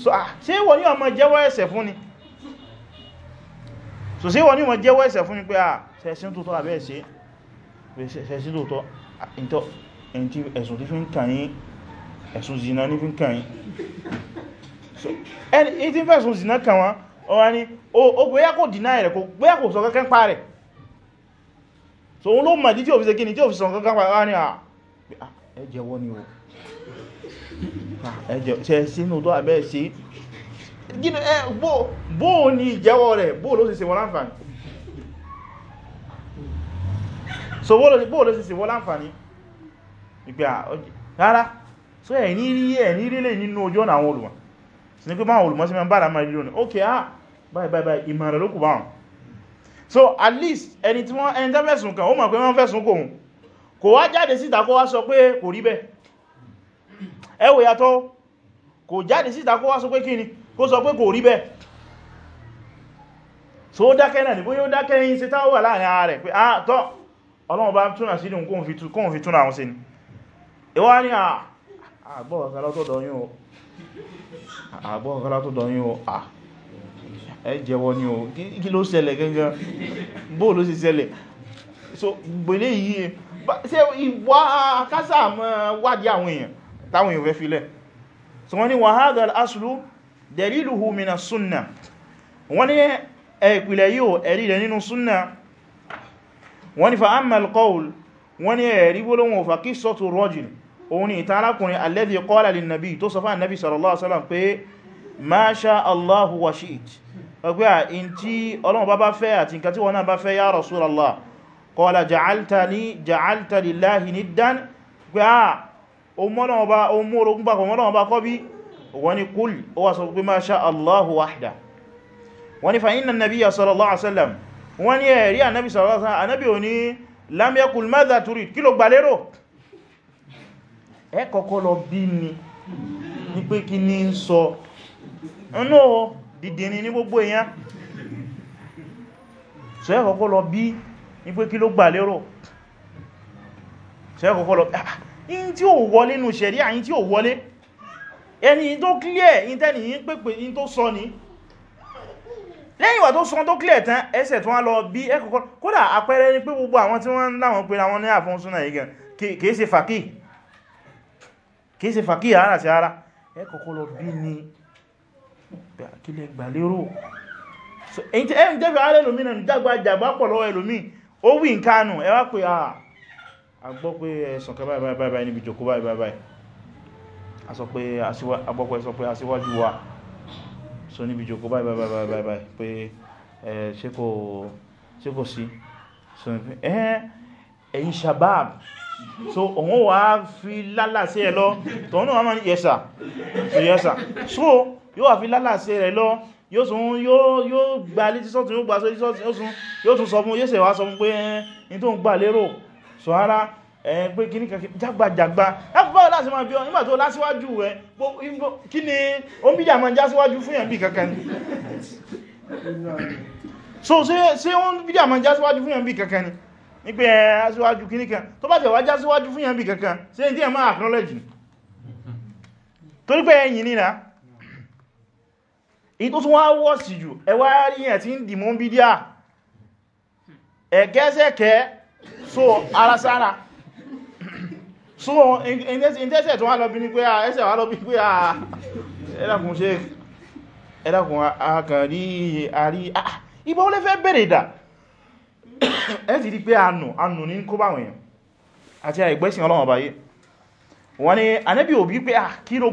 so ah ṣe wọ́n ní ọmọ jẹ́wọ́ ẹ̀ṣẹ̀ fún ni so ṣe wọ́n ní ọmọ jẹ́wọ́ ẹ̀ṣẹ̀ fún ni pé ah ṣẹ̀ṣin tó tọ́ abẹ́ sí ṣẹ̀ṣin tó tọ́ ẹ̀sùn tí fi ń kàn yín ẹ̀sùn zina ní fi ń kàn so ẹni tí fẹ́sùn zina kàn wọ́n ọwá ní o bóyá kò dìná rẹ̀ kò bóyá kò sọ so òun ló mọ̀ dí tí ò fi ṣe kí ni tí ò fi sọ kankan pa rẹ̀ ní à ah, ah, ẹjẹ́wọ́ ni o ẹjọ́ ṣe sínú tó àbẹ́ sí gínú ẹ bó ní ìjẹ́wọ́ rẹ̀ bó ló sì sí wọ́n láǹfàní so bó ló sì sí wọ́n láǹfàní ìgbà rárá so ẹ̀ní rí ẹ̀ní rí lè nínú ojú ọ̀nà àwọn olùmọ̀ sí ní pé máa olùmọ̀ sí mẹ́ O so at least kò wá jáde síta ẹwò yàtọ̀ kò jáde síta kó wá sọ pé kí ni kó sọ pé kò rí bẹ́ẹ̀ so dákẹ́ náà ni bóyá ó dákẹ́ yìí sí táwà láàrin ara rẹ̀ pé ah tọ́ ọlọ́run bá túnà sí ìdùn kóhùn fi túnà àwọn sí ni ìwá ní àgbọ́ọ̀kọ́lá ah, tó dọ̀yún o ah, ẹ jẹ́wọ́ ní o kí ló ṣẹlẹ̀ gẹ́gẹ́ bó ló sì ṣẹlẹ̀ so gbẹ̀lẹ̀ yìí ṣe ìwà kásà mọ́ wádìí àwọn èèyàn táwọn yóò fẹ́ filẹ̀ so wọ́n ni wa hadha al-aslu daliluhu mina sunna wọ́n ni ẹ̀pìlẹ̀ yíò ẹ̀rí rẹ̀ nínú sunna wọ́n ni fa amma al-qawl wọ́n ni ẹ̀rí gbólóhùn fa qissatu rajul òun ni ìta alákùnrin alladhi qala lin-nabi tó sọ fún annabi sallallahu alaihi wasallam pé ma sha Allahu wa shi'it ọgbẹ́ à wọ́n ní fa'in nan nabiya sallallahu alaihi wasallam wọ́n ní ẹ̀rí annabi sallallahu alaihi wasallam annabi o ní lam yaqul madha turid kí ló gbalérò ẹ kọ́kọ́ lọ bí ni ní pé kí ní ń sọ inú dìdì ni ní gbogbo èèyàn so ẹ kọ́kọ́ lọ bí ní pé kí ló gbalérò in tí ó wọlé nù ṣẹ̀ríà in tí ó wọlé ẹni tó clear in tẹ́ni yí pèpè in tó sọ ní lẹ́yìn ìwà tó sọ tó clear tán ẹsẹ̀ tó wá lọ bí ẹkọ̀kọ́ kódà àpẹẹrẹ ni pé gbogbo àwọn tí wọ́n láwọn pé àwọn ní àfún súnà ìgẹ̀ kìí ṣe fàkí kìí ṣe fàkí ara sí ara ẹkọ̀kọ́ lọ bí ní kílẹ̀ gbàlérò ẹ̀yìn tẹ́fẹ̀ alẹ́lòmí náà jágbàjàgbà pọ̀ lọ́wọ́ ẹlòmí ó wí nkánu ẹwà pé àà ah, a gbọ́ pé ẹ̀sùn kan báyìí báyìí níbi jòkó báyìí báyìí a sọ pé agbọ́pẹ́ sọ pé aṣíwájú wa so níbi jòkó báyìí báyìí báyìí pé ṣe kò sí so ẹ̀yin shabab so òun wà fi lálàsí ẹ lọ tọ́nà wà máa yẹsà so yẹsà so yóò wà fi lálàsí rẹ lọ yóò tún yóò gbà létí sọ́tún yóò gbà sọ́tún yóò tún sọ fún yóò sẹ̀wà sọ fún pé ẹni tó ń gbà lérò so ara eh, ẹ pé kí ní kàkí jágbàjàgbà lápapọ̀ láti máa bí ọ nígbà tó lásíwájú rẹ kí ni omíjà máa jásíwájú fún yàn bí kankan so ṣe wọ́n bídí àmà jásíwájú fún yàn bí kankan ni ní pé ẹ eh, aṣíwájú kí ní kan tó bá tẹ̀wà jásíwájú fún yàn bí kankan ṣe ní tí ẹ máa acknowledge torí pé ẹ̀yìn nínà èyí tó tún wá wọ́ sí jù ẹwà rí ẹ̀ tí ń dìmọ́ bídíà ẹ̀kẹ́sẹ̀kẹ́ so ara sára so intẹ́sẹ̀ tó wá lọ bí ní pé à ẹsẹ̀ wá lọ bí pé à ẹ̀dàkùn ṣe ẹ̀dàkùn àkàrí àrí ìbá ó lè fẹ́ bẹ̀rẹ̀ ìdà ẹ̀ ti di pé ànù ànù ní kó bá wọ̀nyàn àti àìgbẹ́sìn ọlọ́wọ̀n báyé wọ́n ni anẹ́bí òbí pé à kí ló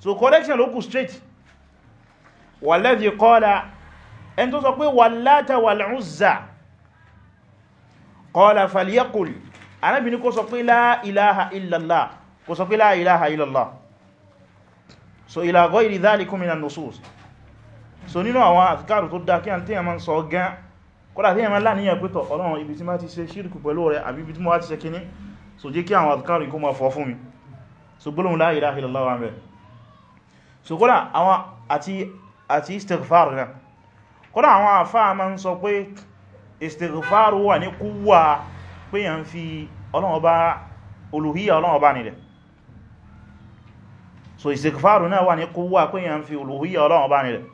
so correction ló straight wà lẹ́dì kọ́lá ẹni tó qala falyaqul Ànábì ní kó sọ pé la ilaha illallah kó sọ pé la ilaha so ila ghayri dhalikum minan nusus so nínú àwọn àtikáàrù tó dákí àti ẹ̀mọ́ sọ gan kọ́lá tí ẹ̀mọ́ láníyàn pẹ́tọ̀ ọlọ́run ibi tí má ti ṣe ṣírìkù pẹ̀lú rẹ̀ àbí ibi tí mọ́ ti ṣe kíní so jẹ́ kí àwọn àtikáàrù ikú ma fọ́ fún mi so gbólóhùn la ilaha illallah wà mẹ́ so kọ́lá àwọn àti istighfar náà kọ́lá àwọn àfáà ma ń sọ pé istighfar wà ní kúwà pé yàn fi ọlọ́ọ̀bá olùhíyà ọlọ́ọ̀bá nílẹ̀ so istighfar náà wà ní kúwà pé yàn fi olùhíyà ọlọ́ọ̀bá nílẹ̀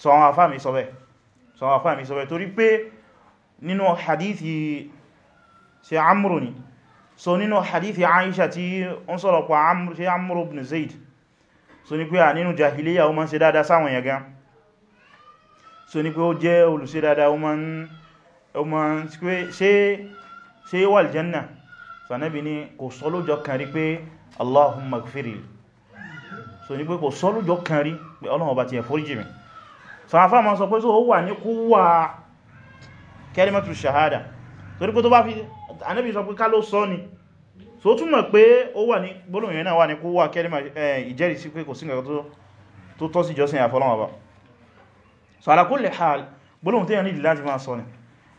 so àwọn afá mi sọ bẹ́ so àwọn afá mi sọ bẹ́ torí pé nínú hadithi sí amuru ni so nínú hadithi aisha tí ó ń sọ̀rọ̀ pa amuru ibn zaid so ni pé à nínú jahiliya ó máa ń ṣe dáadáa sáwọn yẹ̀gán so ni pé ó jẹ́ olùṣe dáadáa ó ma se se wà aljanna so anábi ni kò sọ lójọ kan rí pé allahumma gfirli so ni pé kò sọ lójọ kan rí pé ọlọ́run ọba ti ẹ̀ foríjì mi so afá ma sọ pé so ó wà ní kúwà kẹrìmẹ́tù shahada torí pé tó bá fi anábi sọ pé ká ló sọ ni so túnmọ̀ pé ó wà ní gbólóhùn yẹn náà wà ní kúwà kẹrìmẹ́ ìjẹ́rìsí pé kò sí nǹkan tó tọ́ sí jọ́sìn àfọ́lọ́wọ́ so ala kulli hal gbólóhùn tí yẹn ní láti máa sọ ni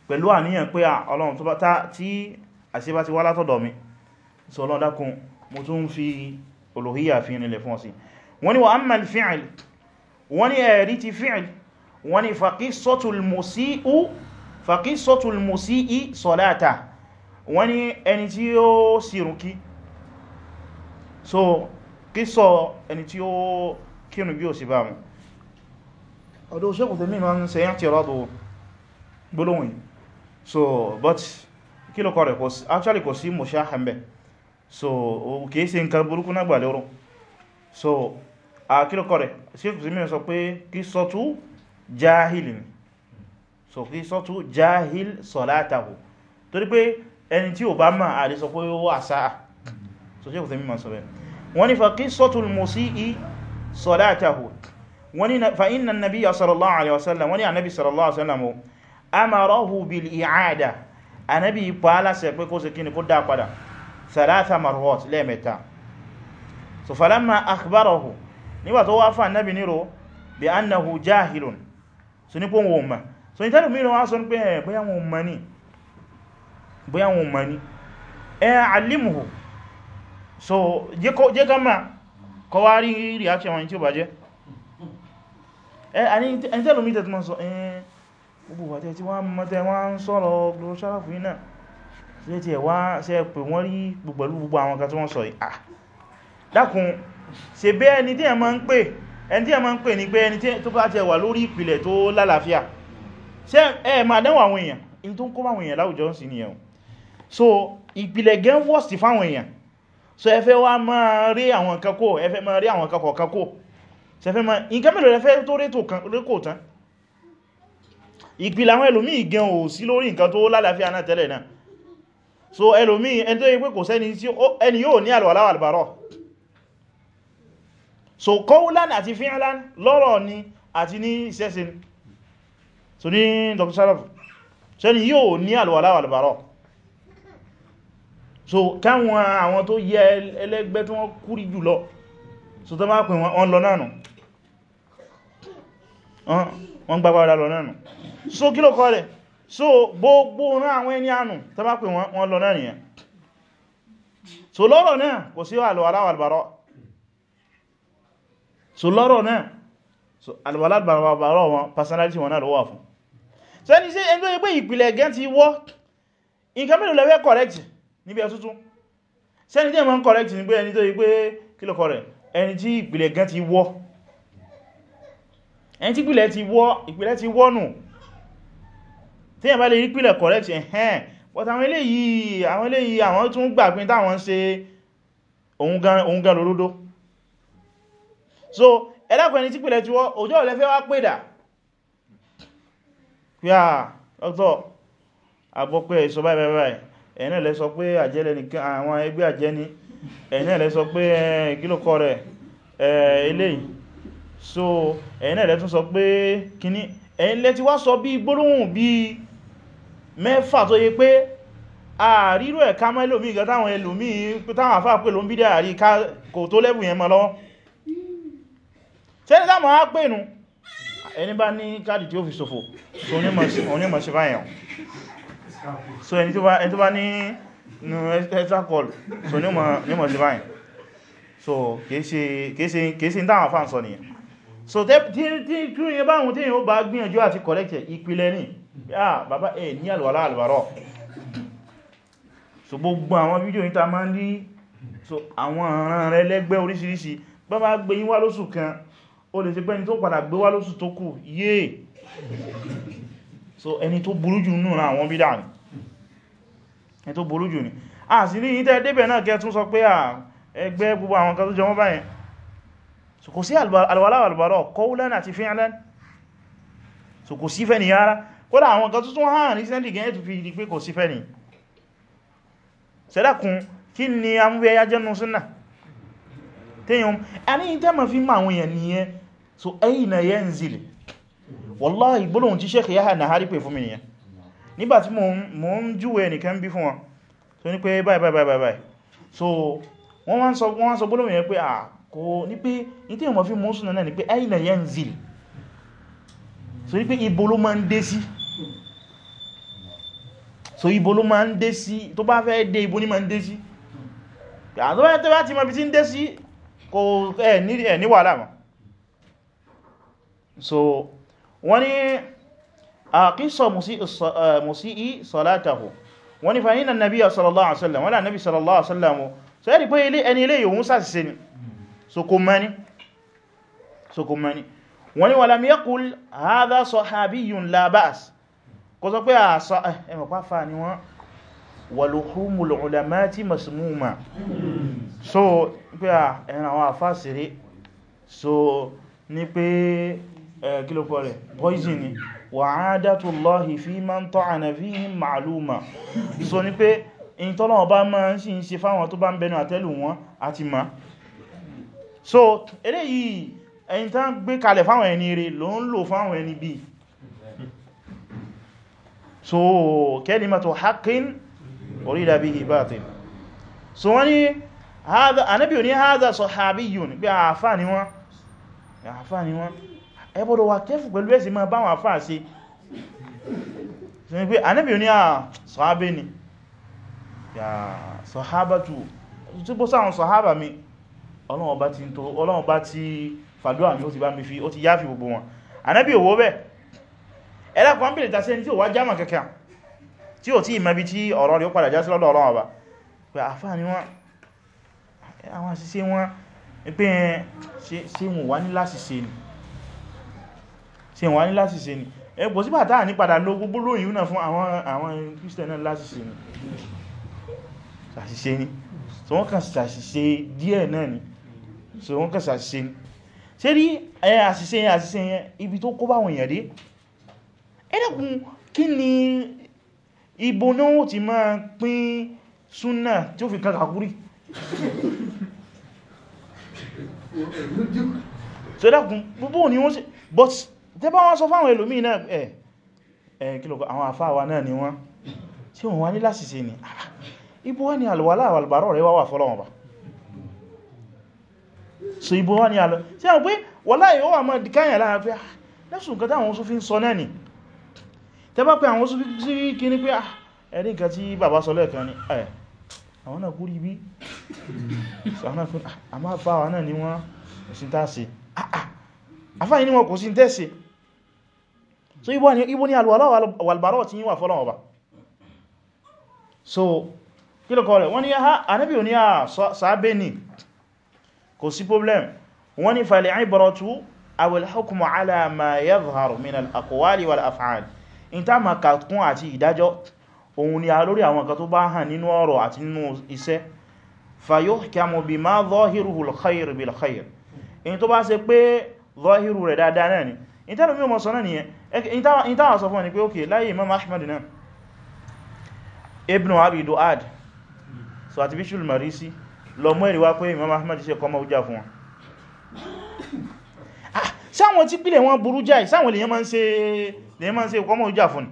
pẹ̀lú àníyàn pé ah, ọlọ́run tó bá tí àṣíbá ti wá látọ̀dọ̀ mi so ọlọ́run dákun mo tún ń fi olóhíyà fi nílẹ̀ fún ọsí wọ́n ni wa amma al kí so kí sọ ẹni tí ó kírùn bí ó sì bá mu although Sheikh Uthaymin ma ń ṣe i'tiradu gbólóhùn yìí so but kí ló kọ rẹ̀ actually kò sí mushahambe so kìí ṣe nǹkan burúkú náà gbà lérò so a kí ló kọ rẹ̀ Sheikh Uthaymin sọ pé kí sọ́tú jahil ni so kí sọ́tú jahil salatahu torí pé ẹni tí ò bá mọ̀ àrí sọ pé ó àsáà so Sheikh Uthaymin ma sọ bẹ́ẹ̀ wọ́n ní fa kí sọ́tú al-musii salatahu wọ́n ní fa inna nabiyya sallallahu alaihi wasallam wọ́n ní anabi sallallahu alaihi wasallam amarahu bil i'ada anabi pa láṣẹ pé kó ṣe kíni kó dá padà thalatha marrat lẹ́ẹ̀mẹ́ta so falamma akhbarahu nígbà tó wá fún anabi nírò bi annahu jahilun so ní pọ́n wọn ma so ní tẹ́lùmí wọn sọ pé ẹ̀ eh, bóyá wọn ma ní bóyá wọn ma ní ẹ̀ alimuhu so jẹ́ kọ́ ma kọwárí reaction wọn tí ó bàjẹ́ ẹ̀ntẹ́lómítẹ̀ tó mọ́ sọ ẹ̀yìn gbogbo wà tẹ́ tí wọ́n mọ́tẹ́ wọ́n ń sọ̀rọ̀ Gbóṣùwà Sharaf yìí náà tí tí ẹ̀ wá ṣe pè wọ́n rí pẹ̀lú gbogbo àwọn kan tí wọ́n sọ yìí ah dákun ṣe bẹ́ ẹni tí ẹ̀ máa ń pè ẹni tí ẹ̀ máa ń pè ní pé ẹni tó bá ti wà lórí ìpìlẹ̀ tó lálàáfíà ṣe ẹ máa dánwò àwọn èèyàn in tó ń kó báwọn èèyàn láwùjọ ń sì ní ẹ̀hùn so ìpìlẹ̀ gan worst fáwọn èèyàn so ẹ fẹ́ wá máa rí àwọn kakó ẹ fẹ́ máa rí àwọn kakọ̀ kakó sẹfẹ́ ma nǹkan mẹ́lò rẹ̀fẹ́ tó rékò tán ìpìlẹ̀ àwọn ẹlòmí ìgẹn ò sí lórí nǹkan tó lálàáfíà náà tẹ́lẹ̀ náà so ẹlòmí ẹni tó yẹ pé kò sẹ́ni tí ẹni yóò ní àlùwàlá wal barọ̀ so qawlan àti fi'lan lọ́rọ̀ ni àti ní ìṣẹ́sìn so ní Dr. Sharaf sẹ́ni yóò ní àlùwàlá wal barọ̀ so káwọn àwọn tó yẹ ẹlẹ́gbẹ́ tó wọ́n kúrì jùlọ so tó má pè wọn lọ náà wọ́n gbágbára lọ náà nù so kí ló kọ́ rẹ̀ so gbogbo rán àwọn ẹni ànù tàbá pè wọ́n lọ náà nìyàn so lọ́rọ̀ náà kò sí àlùwàlá wọn personality wọn náà ló fún so ẹni sí ẹgbẹ́ ìpé ìpìlẹ̀ gẹ́ ti wọ́ nǹkan mélòó lẹ́wẹ́ ẹni tí ìpìlẹ̀ ti wọ́ ìpìlẹ̀ ti wọ́nù tí yẹn bá lè rí pìlẹ̀ correct ẹ̀hẹ́n but àwọn eléyìí àwọn eléyìí àwọn tún gbà pín táwọn ṣe òun gan lòdòdó so ẹlẹ́kùn ẹni tí pìlẹ̀ ti wọ́ òjò ọ̀lẹ́fẹ́ wá pèdà pé à dr agbọ́pẹ́ ìsọ báyìí báyìí ẹ̀yin náà lẹ sọ pé àjẹ́lẹ̀ nìkan àwọn ẹgbẹ́ àjẹ́ni ẹ̀yin náà lẹ sọ pé kílòkọ rẹ̀ eléyìí so ẹ̀yin náà lẹ́tún sọ pé kíní ẹ̀yin lẹ́ti wá sọ bí gbólóhùn bí mẹ́fà tó yẹ pé àrírò ẹ̀ká mọ́ ẹlòmí ìgbà táwọn ẹlòmí táwọn àfáà pè ló ń bídẹ̀ àrí kò tó lẹ́bù yẹn mọ́ lọ́wọ́ so ẹni tó bá ní extra call so onímọ̀ so kìí so tí kí yẹn bá àwọn tí yẹn ó bá gbìyànjú àti correct ìpìlẹ̀ ní ah bàbá ẹ̀ ní àlùwàlá àlùwàrọ̀ so gbogbo àwọn fídíò yíta máa ń rí so àwọn ọ̀ràn rẹ lẹ́gbẹ́ oríṣiríṣi bàbá gbé yín wá lóṣù kan ó lè ṣe pẹ́ni tó padà gbé wá lóṣù tó kù yéè so ẹni tó burú jù nù náà àwọn bídà ni ẹni tó burú jù ni a sì ní yín tẹ́ débẹ̀ náà kẹ́ ẹgbẹ́ gbogbo àwọn kan tó jọ mọ́ so kò sí alwala albara qawlan àti fi'lan so kò sí fẹ́ni yára kódà àwọn kan tuntun hàn recently gẹ́yẹ́ tó fi di pé kò sí fẹ́ni sẹ́dàkùn kí ni a mú bí ẹyá jẹ́nu súnnà tíyàn a ní ìtẹ́mà fi máa àwọn èèyàn nìyẹn so ayna yanzil wallahi gbólóhùn tí Sheikh Yahya Nahari pè fún mi nìyẹn nígbàtí mo ń júwẹ́ nìkan bí fún wọn so ní pé báyìí báyìí báyìí so wọ́n wá ń sọ gbólóhùn yẹn pé ah kò ní pé ní tí ìmọ̀ fi mú súnà náà ni pé aina yanzil so ní pé ibo ló máa ń dé sí so ibo ló máa ń dé sí tó bá fẹ́ dé ibo ní máa ń dé sí àtọ́ bá tẹ́bá ti mọ̀ bí tí ń dé sí kò ẹ̀ ní wàhálà mọ̀ so wọ́n ni àkísọ̀ musi'i salatahu wọ́n ni fa inna nabiyya sallallahu alaihi wasallam wọ́n ni nabi sallallahu alaihi wasallam so so kò mẹ́ni so kò mẹ́ni wọ́n ni walam yaqul hadha sahabiyyun la ba's kò sọ pé àṣà eh, ẹmọ̀pá fa ni wọ́n wa luhumul ulamati masmuma so pé ẹran àwọn àfáàsìrí so ní pé kílòpọ̀ poison ni wa adatullahi fi man ń sì ń ṣe so eléyìí ẹni tán gbé kalẹ̀ fáwọn ẹni rẹ̀ ló ń lò fáwọn ẹni bí so kalimatu haqqin urida bihi batil so wọ́n ní anábí ò ní hadha sahabiyyun bí àfà ni wọ́n àfà ni wọ́n ẹ gbọ́dọ̀ wà kẹ́fù pẹ̀lú ẹ̀sì máa báwọn àfà sí pé anábí ò ní sàhábé ni sàhábà tù tí bó sáwọn sàhábà mi Ọlọ́run bá ti fàdúwà mi ó ti bá mi fi ó ti yá fi gbogbo wọn ànábì òwò bẹ́ ẹlẹ́kùn án bèèrè tàṣẹ́ tí ó wá jámà kẹkẹ́ tí ó tí ìmẹ́bí tí ọ̀rọ̀ rí ó padà já sí lọ́dọ̀ Ọlọ́run ọba pé àfáà ni wọ́n ni ẹgbò sípà táà ní padà ló gbogbo lóyìn náà fún àwọn Christian náà láṣìṣe ni díẹ̀ náà ni so wọ́n kẹsà ṣe ṣe rí ẹ àṣìṣe àṣìṣe yẹn ibi tó kó báwọn èèyàn dé ẹ́dàkùn kí ni ibo náà ti máa pín súnà tí ó fi kàkàkúrí so ẹ́dàkùn gbogbo ni wọ́n ṣe but tẹ́bá wọ́n sọ fáwọn ẹlòmí náà ẹ̀ ẹ̀ kí lọ́kọ̀ àwọn àfáàwà náà ni wọ́n tí wọ́n wá ní láṣìṣe ni ibo wá ni àlùwàlá àwàlùbárọ̀ rẹ̀ wá wà fọ́lọ́wọ́n so ibo wá ní àlọ́ tí a pé wọ́lá ìwọ́ àmọ́ dìkáyà lára pé ah, lẹ́sùn nǹkan táwọn Sufi ń sọ náà nì tẹ́bá pé àwọn Sufi sí kí ní pé ah, ẹ̀rí nǹkan tí bàbá sọ lẹ́ẹ̀kan ní ẹ̀ àwọn náà kú rí bí àmáfáwà ah, náà ni wọ́n sí tàṣì àfáà ní wọn kò sí tẹ́sì so ibo ni alwala walbara ti yíwà fọ́lọ́wọ́ ba so kí lọ́kọ́ rẹ̀ wọ́n ni ha anábì ò ní à sábẹ́ ni kò sí problem wọ́n ní fàlẹ̀ ibratu awil hukmu ala ma yadhharu min al-aqwali wal af'al in ta ma kàkún àti ìdájọ́ ohun ni a lórí àwọn kan tó bá hàn nínú ọ̀rọ̀ àti nínú iṣẹ́ fayuhkamu bima dhahiruhu al-khayr marisi lọ mọ́ ìrìwá pé Imam Ahmad ṣe kọmọ ojá fún wọn sáwọn [coughs] ah, tí pílẹ̀ wọn burú jáì sáwọn lèyàn máa ń ṣe kọmọ ojá fún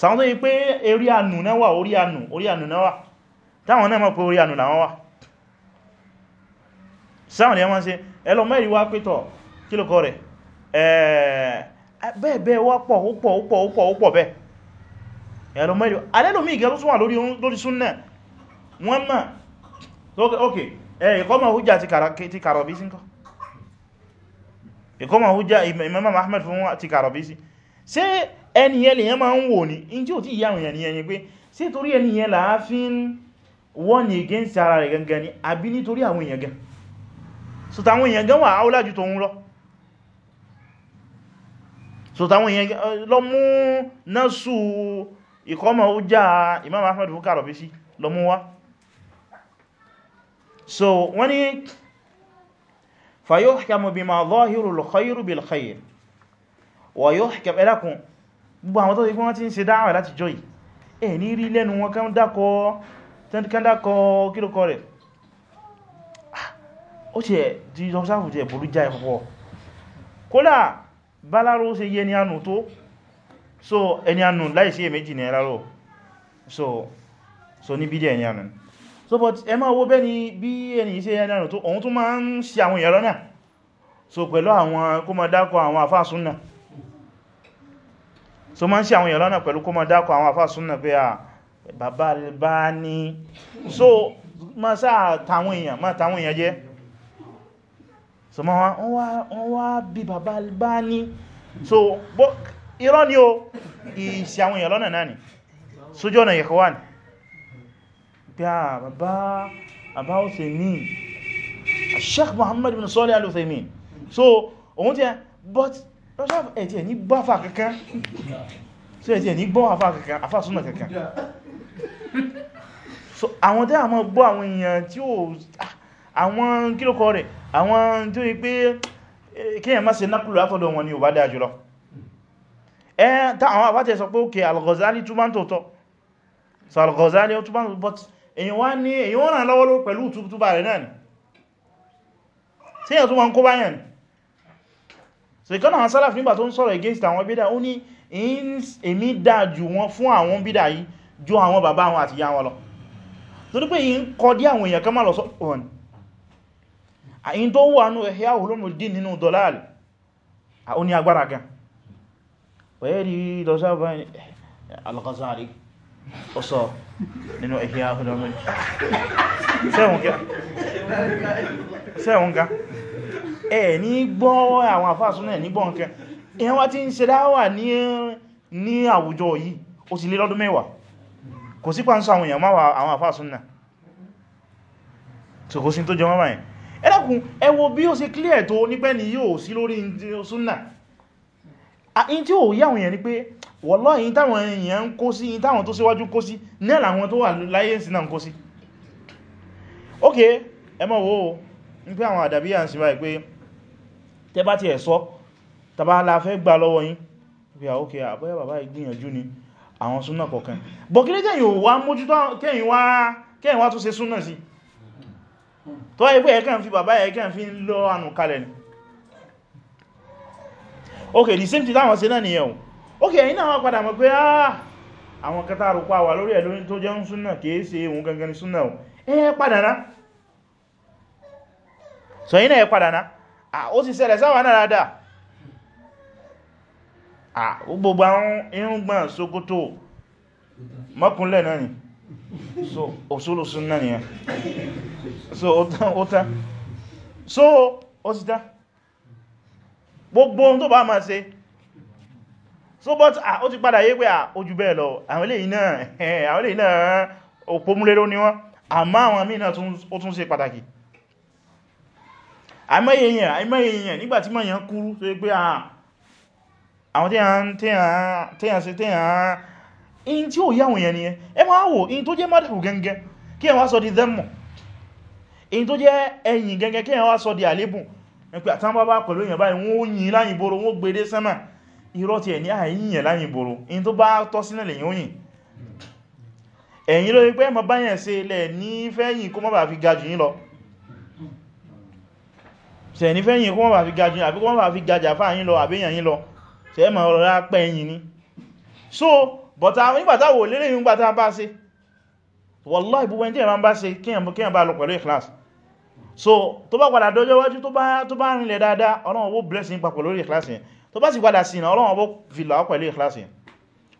sáwọn tó yí pé orí ànù náwà orí ànù orí ànù náwà táwọn náà mọ̀ pé orí ànù làwọn wà sáwọn lèyàn máa ń ṣe ẹlọ mọ́ ìrìwá pé tọ̀ kí ló kọ rẹ̀ eh, bẹ́ẹ̀ bẹ́ẹ̀ wọ́pọ̀ ó pọ̀ ó pọ̀ ó pọ̀ bẹ́ẹ̀ ẹlọ ìrìwá alẹ́lòmí ìgẹ́ ló súnwà lórí súnnà wọ́n mọ̀ ok ìkọ́mọ̀ hujja ti kàrọ̀bí sí nǹkan ìkọ́mọ̀ hujja imam ahmed fún ti kàrọ̀bí sí ṣe ẹniyẹ lè yẹn máa ń wò ní in tí ò tí ìyàwó yẹn niyẹn ni pé ṣe torí ẹniyẹ láàáfin wọ́n ni against ara rẹ̀ gangan ni àbí nítorí àwọn èèyàn gan so táwọn èèyàn gan wà áwọ́lájú tó so táwọn èèyàn lọ mú náà sù ìkọ́mọ̀ hujja imam ahmed fún kàrọ̀bí sí lọ wá so wọ́n ni fa yuhkamu bima dhahirul khayru bil khayr wa yuhkam ẹlákun gbogbo àwọn tó ti fún wọ́n ti ń ṣe dáwà láti jọ yìí ẹ̀ ní rí lẹ́nu wọn kán dákọ kílùkọ rẹ̀ ah, ó ṣe ti ọ̀sáfù jẹ́ ìpòlú já ẹ̀pọ̀ kódà báláró ṣe yẹ ni ànù tó so ẹni ànù láìsí èméjì ní ẹláró so so ní bídẹ̀ ẹni ànù so but ẹ máa wo Bi bí ẹni iṣẹ́ ẹ̀nà tó ohun tó máa ń ṣe àwọn èèyàn lọ́nà so pẹ̀lú àwọn kó máa dákọ àwọn àfáà súnnà so máa ń ṣe àwọn èèyàn lọ́nà pẹ̀lú kó máa dákọ àwọn àfáà súnnà pé à bàbá bá ní so ma sáà tàwọn èèyàn ma tàwọn èèyàn jẹ́ so ma wọ́n wá bi bàbá bá ní so irọ́ ni o ìṣe àwọn èèyàn lọ́nà náà ni sójú ọ̀nà ìkọwà ni pé à ah, bàbá àbá ó se ní Sheikh Muhammad bin Salih Al-Uthaymin so òun tí ẹ but russia ẹ̀tí ẹ̀ ní gbọ́ àfà kankan so ẹ̀tí ẹ̀ ní gbọ́ àfà kankan àfà súnmọ̀ kankan so àwọn tẹ́ àmọ́ gbọ́ àwọn èèyàn tí ó àwọn kílòkọ rẹ̀ àwọn tí ó yí pé kíyàn má ṣe nákùlù látọ̀dọ̀ wọn ni ò bá dáa jùlọ ẹ̀ táwọn àbátẹ̀ sọ pé òkè Al-Ghazali túbá ń tòótọ́ so Al-Ghazali ó túbá ń tòótọ́ èyàn wá ní èyàn wọ́n ràn lọ́wọ́ pẹ̀lú túbà rẹ̀ náà ni tí èyàn tó wọ́n kó báyàn so ìkọ́nà àwọn sálàfí nígbà tó ń sọ̀rọ̀ against àwọn bídá ó ní èmi dá jù wọn fún àwọn bídá yìí ju àwọn bàbá wọn àti ìyá wọn lọ torí pé yìí ń kọ dí àwọn èèyàn kan má lọ sọ́pọ̀ ni àyín tó wà ní ẹ̀hẹ́ Ulumuddin nínú dọ̀láàlì ó ní agbára gan wẹ́ẹ̀rí lọ sáàbá Al-Ghazali ọsọ nínú ehihie ahùdọ́mọ́dì sẹ́wọ̀n ẹ̀ ní gbọ́ àwọn àfáàsún náà nígbọ́ nǹkan ìyẹn wá tí ń ṣe dáwà ní àwùjọ yìí ó sì lé lọ́dún mẹ́wàá kò sí àwọn èèyàn máa àwọn àfáàsún tó wallahi táwọn èèyàn ń kó sí táwọn tó síwájú kó sí ní àwọn tó wà láyé sí náà kó sí ok ẹ wo ní pé àwọn àdàbíyà ń síwá ìpé tẹ́ bá ti ẹ̀ sọ tàbá la fẹ́ gbà lọ́wọ́ yín pé à ok àbọ́yà bàbá ìgbìyànjú ni àwọn súnà kọ̀ọ̀kan bọ̀ kí lẹ́jẹ̀ yóò wá mójútó kẹ́yìn wá tó ṣe súnà sí tó ẹ pé ẹ̀kàn fi bàbá ni the same thing táwọn ṣe náà nìyẹn ok ẹ̀yin náà wá padà mọ̀ pé ah, àwọn kan tá rò pa wà lórí ẹ̀ lórí tó jẹ́ ń súnà kìí ṣe òun gangan ni súnà ẹ padà so yínà ẹ padà ná ó sì ṣẹlẹ̀ sáwà náà dáadáa à gbogbo àwọn irúgbọ̀n ṣòkòtò mọ́kúnlẹ̀ so òṣòlò súnà ni so ó tán so ó sì tán gbogbo ohun tó bá máa ṣe so but ah, ó ti padà yé pé ojú ah, bẹ́ẹ̀ lọ àwọn eléyìí náà [laughs] àwọn eléyìí náà òpómúléró ní wọ́n àmọ́ àwọn míì náà ó tún ṣe pàtàkì àìmọye èèyàn àìmọye èèyàn nígbàtí mọ̀ èèyàn kúrú tó yẹ pé ah, àwọn téèyàn ṣe téèyàn in tí ó yáwọn èèyàn nìyẹn ẹ máa wò in kí ẹ sọ di zẹ́mọ̀ in tó jẹ́ ẹ̀yìn gẹ́ngẹ́ kí ẹ sọ di àlébùn pẹ̀lú àtàwọn pẹ̀lú èèyàn báyìí wọ́n ó láyìnbóró wọ́n gbèrè e sẹ́mà irọ́ ti ẹ̀ ní àìyíyàn láyìn ìgboro in tó bá tọ́ sínú lè yínyìn ẹ̀yin ló rí ẹmọ báyẹ̀ ṣe ilẹ̀ ní fẹ́yìn kó má fi gajù yín lọ ṣe ní fẹ́yìn kó má fi gajù àbí kó má fi gajà fà lọ so bọ̀ta nígbàtà wò lérè yín gbàtà so tó bá padà dọjọ́ wájú tó bá rìnlẹ̀ dáadáa ọlọ́run wó tó bá sì padà sí ìnà ọlọ́wọ́n bó fi pẹ̀lú ìkìláṣì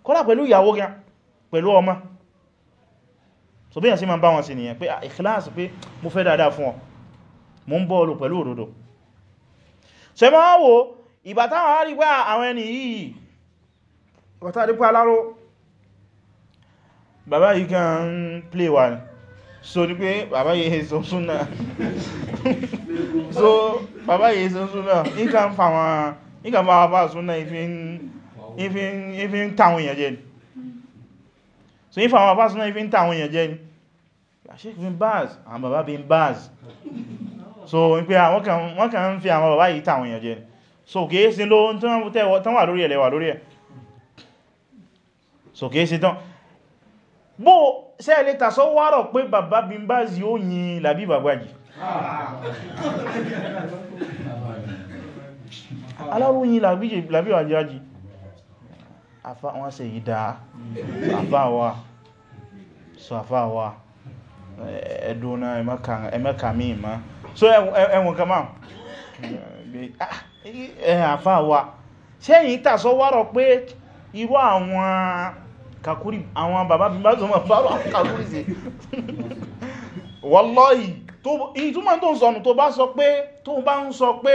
kọ́lá pẹ̀lú ìyàwó gan pẹ̀lú ọmọ so bí yàn ma bá wọn sí nìyàn pé ah, ìkìláṣì pé mo fẹ́ dáadáa fún ọ mo ń bọ́ọ̀lù pẹ̀lú òdodo so ẹmọ wo ìgbà táwọn arí pé ah, play wa so ni pé [laughs] so bàbá yìí èso súnà nǹkan wọn nígbà máa bá súnà ìfi ń tàwọn èèyàn jẹ ni so ìfà àwọn bá súnà ìfi ń tàwọn èèyàn jẹ ni Sheikh Bin Baz àwọn bàbá Bin Baz so wípé wọ́n kàn ń fi àwọn bàbá yìí tàwọn èèyàn jẹ ni so kìí sí ló tán wà lórí ẹ̀lẹ́wà lórí ẹ̀ so kìí sí tán bó sẹ́ lè tàṣọ́ wárọ̀ pé bàbá Bin Baz yóò yin làbí bàbá yìí ah aláròyìn làbíwà jírájì afá wọn ṣe yìí dáa àfáwà so àfáwà ẹ̀dùnà ẹ̀mẹ́kà míì ma so ẹ̀wọ̀n kama ah, àfáwà sẹ́yìn tàṣọ wárọ̀ pé irú àwọn kàkúrì àwọn bàbá bí bá zọmọ̀ bá àwọn kàkúrì sí wallahi ìtumọ̀ tó ń sọnù tó bá sọ pé tó bá ń sọ pé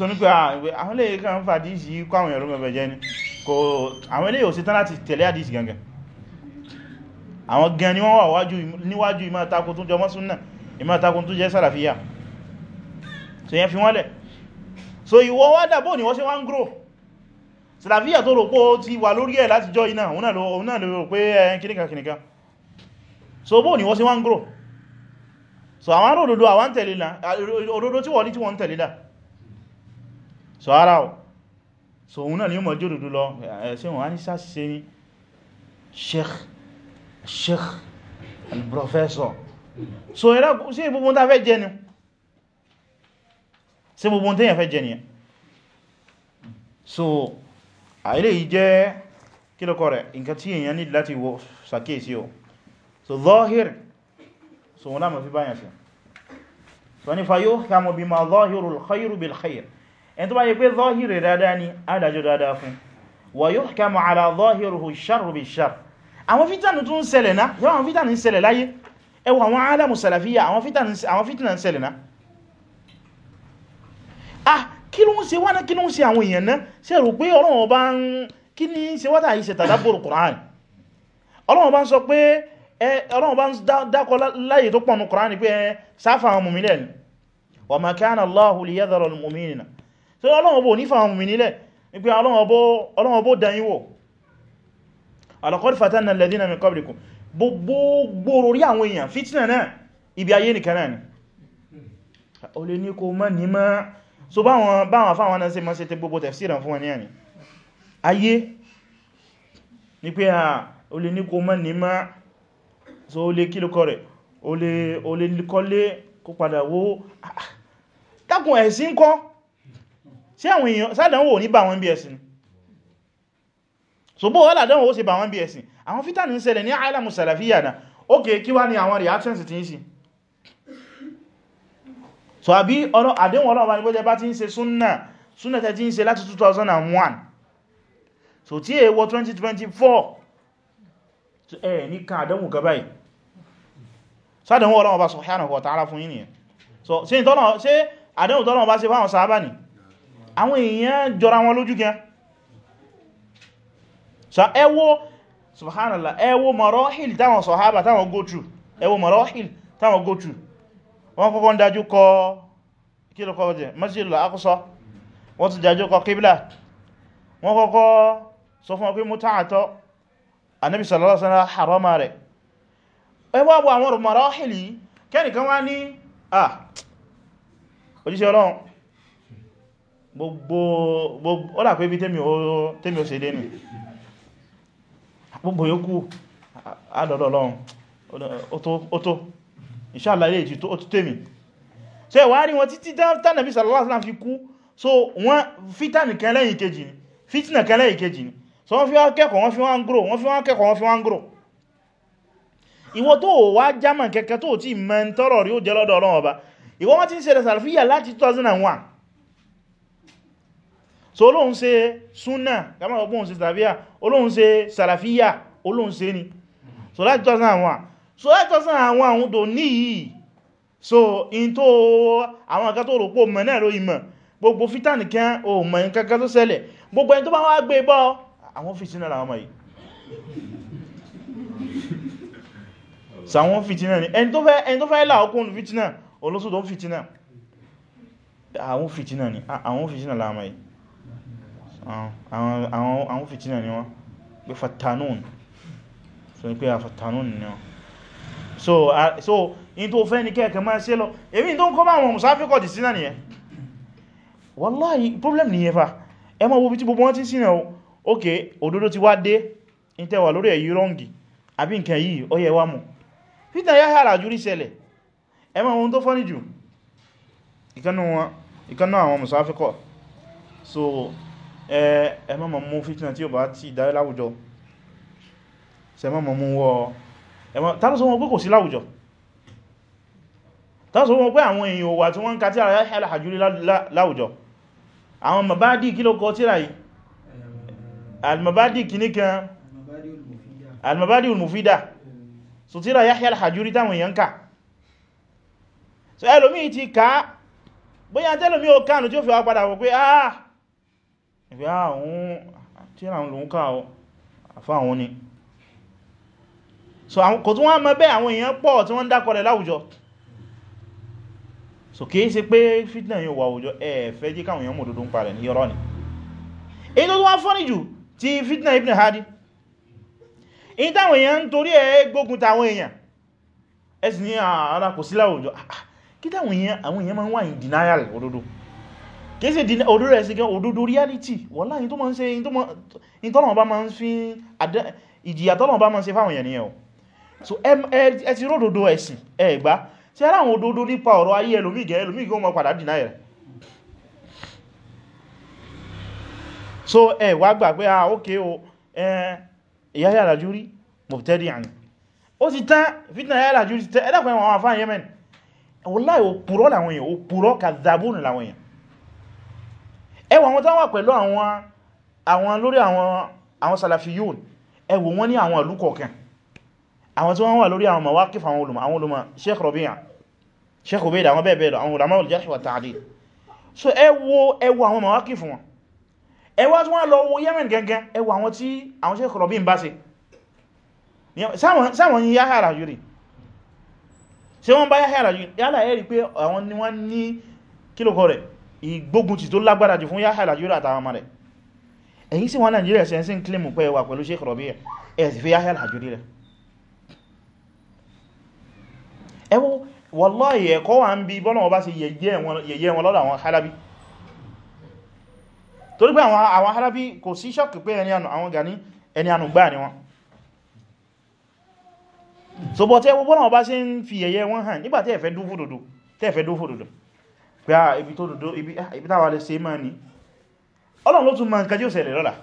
so ní pé ah, àwọn ilé kan ń fa àdíṣì kó àwọn èrò mẹ́bẹ̀ jẹ́ ni kò àwọn ilé ò sí tán láti tẹ̀lé àdíṣì gangan àwọn gan ni wọ́n wà níwájú ìmá takun tó jọmọ́ súnnà ìmá takun tó jẹ́ sàràfíyà so yẹn fi wọ́n lẹ̀ so ìwọ wá dàbò ni wọ́n ṣe wá ń grow sàràfíyà tó rò pé ó ti wà lórí ẹ̀ láti jọ iná òun náà lè rò pé ẹyẹn eh, kìnìkan kìnìkan so bó ni wọ́n ṣe wá ń grow so àwọn arò òdodo àwọn tẹ̀lé òdodo tí wọ́n ní tí wọ́n tẹ̀lé so ara ọ̀ so òun náà ni ó mọ̀ jódòdó lọ ṣe wọ́n á ní sáṣẹ́ ní sheikh sheikh and professor so ẹ̀rọ sí gbogbo tá fẹ́ jẹ ni sí gbogbo tẹ́yàn fẹ́ jẹ ni so àìlè yìí jẹ́ kílọ̀kọ́ rẹ̀ nǹkan tí èyàn ní láti wọ sàkíyèsí o so zahir so wọ́n láàmà fi báyàn sí so ní fa yuhkamu bima zahirul khayru bil khayr ẹn tó bá yẹ pé zọ́hìrì dáadáa ni adájọ́ dáadáa fún wa yuhkamu ala zọ́hìrì sharru bi sharr àwọn fítànù tún ṣẹlẹ̀ náà yọ àwọn fítànù ṣẹlẹ̀ láyé ẹwọ àwọn alamu salafiya àwọn fítànù ṣẹlẹ̀ náà ah kí ló ń ṣe wá náà kí ló ń ṣe àwọn èèyàn náà ṣe rò pé Ọlọ́run bá ń kí ni wa ma kana Allahu liyadhara al-mu'minina so Ọlọ́run bó nífà àwọn òmìnilẹ̀ ní pé Ọlọ́run bó dáyíwò alaqad fatanna alladhina min qablikum gbogbo orí àwọn èèyàn fitna náà ibi ayé nìkan náà ni o lè ní kó mọ́ ní mọ́ so báwọn afáwọn náà ṣe mọ́ sí tẹ gbogbo tafsiran fún wọn ní àní ayé ní pé à o lè ní kó mọ́ ní mọ́ so o lè kí lókọ rẹ̀ o lè kọ́lé kó padà wó takùn ẹ̀sìn kọ́ sí àwọn èèyàn sádánwò ní bá bí ẹ̀sìn so bó wọ́lá dánwò ó sì bá bí ẹ̀sìn àwọn fítàní ń ṣẹlẹ̀ ní alamu salafiya na ókè kí wá ní àwọn reactions ti ń sí so àbí ọ̀rọ̀ àdéhùn ọlọ́ọ̀bá ní bọ́jẹ́ bá ti ń ṣe súnnà súnnà so tí èèwọ̀ 2024 ẹ̀ ní kan àdánwò kan àwọn èèyàn jọra wọn lójú kẹ so ẹwọ́ subhanallah ẹwọ́ marahil táwọn sọ̀hábà táwọn go through ẹwọ́ marahil táwọn go through wọ́n kọ́kọ́ ń dájú kọ kí lọ kọ́ jẹ masjidul aqsa wọ́n ti dájú kọ qibla wọ́n kọ́kọ́ sọ fún ọkùn mútàtọ́ anábi sallallahu alaihi wasallam harama rẹ̀ ẹwọ́ àwọn marahil gbogbo ó dà pé bí tèmi ó ṣe dé nì gbogbo yòókù adọ́dọ̀ lọ́run ó tó inshallah ilé ìtì ó tó tèmi so ẹ̀wà rí wọn títí tánàbí sallallahu alaihi wasallam fi kú so wọ́n fítànì kan lẹ́yìn kejì ni fítìnà kan lẹ́yìn kejì ni so wọ́n fi wá kẹ́kọ̀ọ́ wọ́n fi wá ń gúrò wọ́n fi wá kẹ́kọ̀ọ́ wọ́n fi wá ń gúrò ìwọ tó wá jámà kẹ́kẹ́ tó tí mẹ́ntọ́rọ̀ rí ó jẹ́ lọ́dọ̀ ọlọ́wọ́ ba ìwọ wọ́n ti ń ṣe rẹ̀ sàlfíyà láti 2001 so olóhun ṣe súnà gama ọgbọ́n ṣe sàbíyà olóhun ṣe sàràfíyà olóhun ṣe ni so láti tọ́sán àwọn so láti tọ́sán àwọn àwọn tó ní yìí so in tó àwọn akẹ́ tó rọ̀pọ̀ mọ̀ náà lórí mọ̀ gbogbo fítàní kẹ́ o mọ̀ in kankan tó ṣẹlẹ̀ gbogbo ẹni tó bá wá gbé e bọ́ àwọn fìtínà làwọn mọ̀ yìí sàwọn fìtínà ni ẹni tó fẹ́ là ọkùn fìtínà olóṣù tó fìtínà àwọn fìtínà ni àwọn fìtínà làwọn mọ̀ yìí àwọn fìtínà ni wọ́n pé fattanun so ni pé a fattanun ni wọ́n so in tó fẹ́ ní kẹ́ẹ̀kẹ́ máa ṣe lọ èmi tó ń kọ́ bá àwọn musáfíkọ̀ jì sínà nìyẹn wallahi problem nìyẹn fa ẹ mọ́ wọ́n tí gbogbo wọ́n ti sínà ok òdodo ti wá dé in tẹ́wà lórí èyí rọ́ǹgì àbí nǹkan yìí ó yẹ wá mú fitna yá hàrà jù rí ṣẹlẹ̀ ẹ mọ́ ohun tó fọ́nì jù ìkanú àwọn musáfíkọ̀ so ẹ má máa mú fitna tí ó bá ti dáyé láwùjọ ṣe má máa mú wọ́ tàbí sọ pé kò sí láwùjọ tàbí sọ pé àwọn èèyàn wà tí wọ́n ń ka tí ara al-Hajuri láwùjọ àwọn mabadi kí ló kọ tíra yìí al-mabadi kìní kan al-mabadi so tíra Yahya al-Hajuri táwọn èèyàn ká so ẹlòmí ti ká bóyá tẹ́lòmí ó kánu tí ó fi wá padà wọ pé ah ìfẹ́ ah, àwọn tí àwọn lòun ká àfá àwọn ni so kò tún wọ́n mọ́ bẹ́ àwọn èèyàn pọ̀ tí wọ́n ń dákọlẹ̀ láwùjọ so kìí ṣe pé fitna yóò wà àwùjọ ẹ̀ẹ̀fẹ́ jí káwọn èèyàn mọ̀dúdú ń parẹ̀ ní ọ̀rọ̀ ni èyí tó wá fọ́nì jù ti fitna Ibn Hadi èyí táwọn èèyàn ń torí ẹ̀ gbógun táwọn èèyàn ẹ̀sìn ní ààrà ah, kò sí láwùjọ ah, kí táwọn èèyàn máa ń wà ní denial òdodo kéèsè dínà òdúrò ẹ̀sìn gan òdodo reality wallahi tó ma ń ṣe ìtọ́lọ̀wọ̀n bá ma ń fi ìjìyà tọ́lọ̀wọ̀n bá ma ń ṣe fáwọn èèyàn nìyẹn o so ẹ ti ródòdó ẹ̀sìn ẹ̀gbá tí ara àwọn òdodo nípa ọ̀rọ̀ ayé ẹlòmí gẹ̀ẹ́ ẹlòmí gẹ̀ẹ́ wọn so ẹ wá gbà pé ah ok o ìyá yàrá júrí mọ̀tẹ́dì àní ó ti tán fitna yàrá júrí ti tẹ́ ẹ̀dàkùn ẹ̀wọ̀n àwọn àfáà Yemen wallahi òpùrọ́ làwọn èèyàn òpùrọ́ kàzàbùn làwọn èèyàn ẹwọ wọn tán wà pẹ̀lú àwọn lórí àwọn salafiyun ẹwọ wọn ní àwọn ìlú kọ̀ọ̀kan àwọn tí wọ́n wà lórí àwọn mawaqif àwọn olùmọ̀ àwọn olùmọ̀ sheikh Rabi'a sheikh Ubayd àwọn bẹ́ẹ̀ bẹ́ẹ̀ lọ àwọn ulama al-jarh wa so ẹwọ ẹwọ àwọn mawaqif wọn ẹwọ tí wọ́n lọ wo Yemen gẹ́gẹ́ ẹwọ àwọn tí àwọn sheikh Rabi'a ń bá ṣe sáwọn yí yáhàrà yìí ṣe wọ́n bá yáhàrà yìí ni wọ́n ní kílòkọ ìgbógunti tó lágbára jù fún Yahya al-Hajuri àtàwọn ọmọ rẹ̀ ẹ̀yin sí wọn Nàìjíríà ṣe ń sí ń kílìmù pẹ́ wà pẹ̀lú Sheikh Rabi' ẹ̀ sì fi Yahya al-Hajuri rẹ̀ ẹwọ́ wallahi ẹ̀kọ́ wà ń bí bọ́nà ọba sí yẹ̀yẹ́ wọn lọ́dọ̀ àwọn Halabi torí pé àwọn Halabi kò sí ṣọ́kì pé ẹni àwọn Gani ẹni ànù gbáà ni wọn so bọ́ tẹ́wọ́ bọ́nà ọba sí ń fi yẹ̀yẹ́ wọn hàn nígbà tẹ́ẹ̀fẹ́ dúfòdòdó pé à ah, ibi tó dòdó ibi ah, táwà lè ṣe máa ní ọlọ́run ló tún ma nǹkan jí ò ṣẹlẹ̀ lọ́la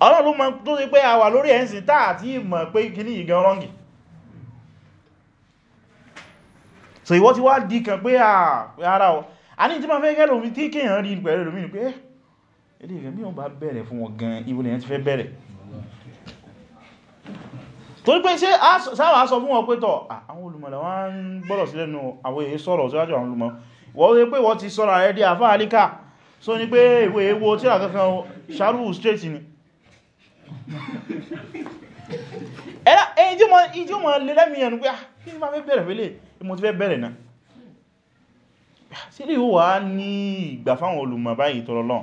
ọlọ́run ló ma tó ti pé àwà lórí ẹ̀nsìn táà àti ìmọ̀ pé kìíní yìí gan rọ́ngì so ìwọ ti wá di kan pé ah, ara ọ a ní tí ma fẹ́ gẹ́lòmí tí kéèyàn rí pẹ̀lú ẹlòmí ni pé ilé gan ìwọlẹ̀ ti fẹ́ bẹ̀rẹ̀ torí pé ṣe sáwà sọ fún wọn pé tọ́ àwọn olùmọ̀lá wọ́n ń gbọ́rọ̀ sí lẹ́nu àwọn èyí sọ̀rọ̀ síwájú àwọn olùmọ̀ wọ́n wé pé wọ́n ti sọ̀rọ̀ rẹ̀ di àfáà alíkà so ni pé ìwé ewo tí àkankan sharu straight ni ẹ̀rá ìjú mọ̀ lè lẹ́mí ẹnu pé ah, kí ni máa fẹ́ bẹ̀rẹ̀ fẹ́lẹ̀ mo ti fẹ́ bẹ̀rẹ̀ náà sí ilé ìwò wà ní ìgbà fáwọn olùmọ̀ báyìí tọrọ lọ́n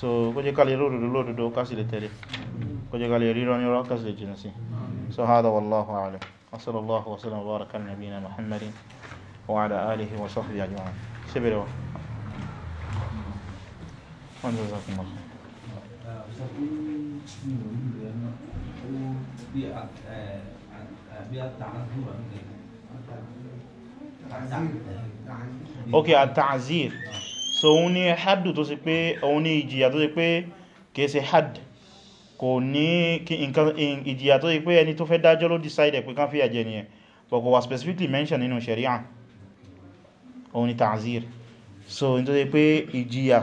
so kó jẹ́ kali ro ródòdó lódòdó do kasi lè tere kó jẹ́ kali ri ro ní ro kasi lè jinasi so hada wallahu alam wa sallallahu wa sallam wa barakan nabina muhammadin wa ala alihi wa sahbihi ajma'in ṣe bẹ̀rẹ̀ wa wọ́n jẹ́ zakumar ok at-ta'zir so òun ní haddù tó sì pé òun ní ìjìyà tó sì pé kìí ṣe hadd kò ní ìjìyà tó sì pé ẹni tó fẹ́ dájọ́ ló decide pé kan fìyà jẹ nìyẹn but kò wà specifically mention nínú sharia òun ní ta'zir so ní tó sì pé ìjìyà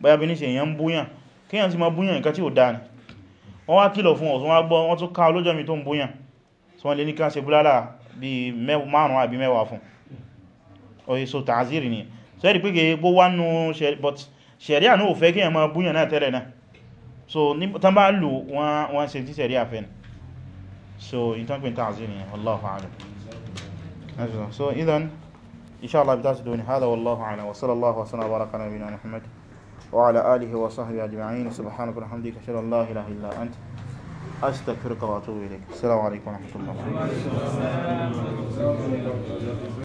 báyá bí ní ṣe èyàn búyàn kí èyàn sì máa búyàn nǹkan tí ò dáa ni wọ́n wá kìlọ̀ fún ọ̀tún wá gbọ́ wọ́n tún ká olójọ́ mi tó ń búyàn tí wọ́n lè ní ká ṣe búlálà bí márùn-ún àbí mẹ́wàá fún oye so ta'zir nìyẹn so ẹ̀rí pé gbogbo wá nù ṣẹ̀ríà náà ò fẹ́ kí ẹ máa búyàn náà tẹ́lẹ̀ náà so ni tán bá lu wọ́n ṣe tí ṣẹ̀ríà fẹ́ so ìtàn pín tààzí ni wallahu a'lam so idan inshallah bitasi doni hada wallahu a'lam wa sallallahu wa sallam baraka nabiyina muhammad wa ala alihi wa sahbihi ajma'in subhanaka wa hamdika ashhadu ilaha illa anta أستغفرك وأتوب إليك السلام عليكم ورحمة الله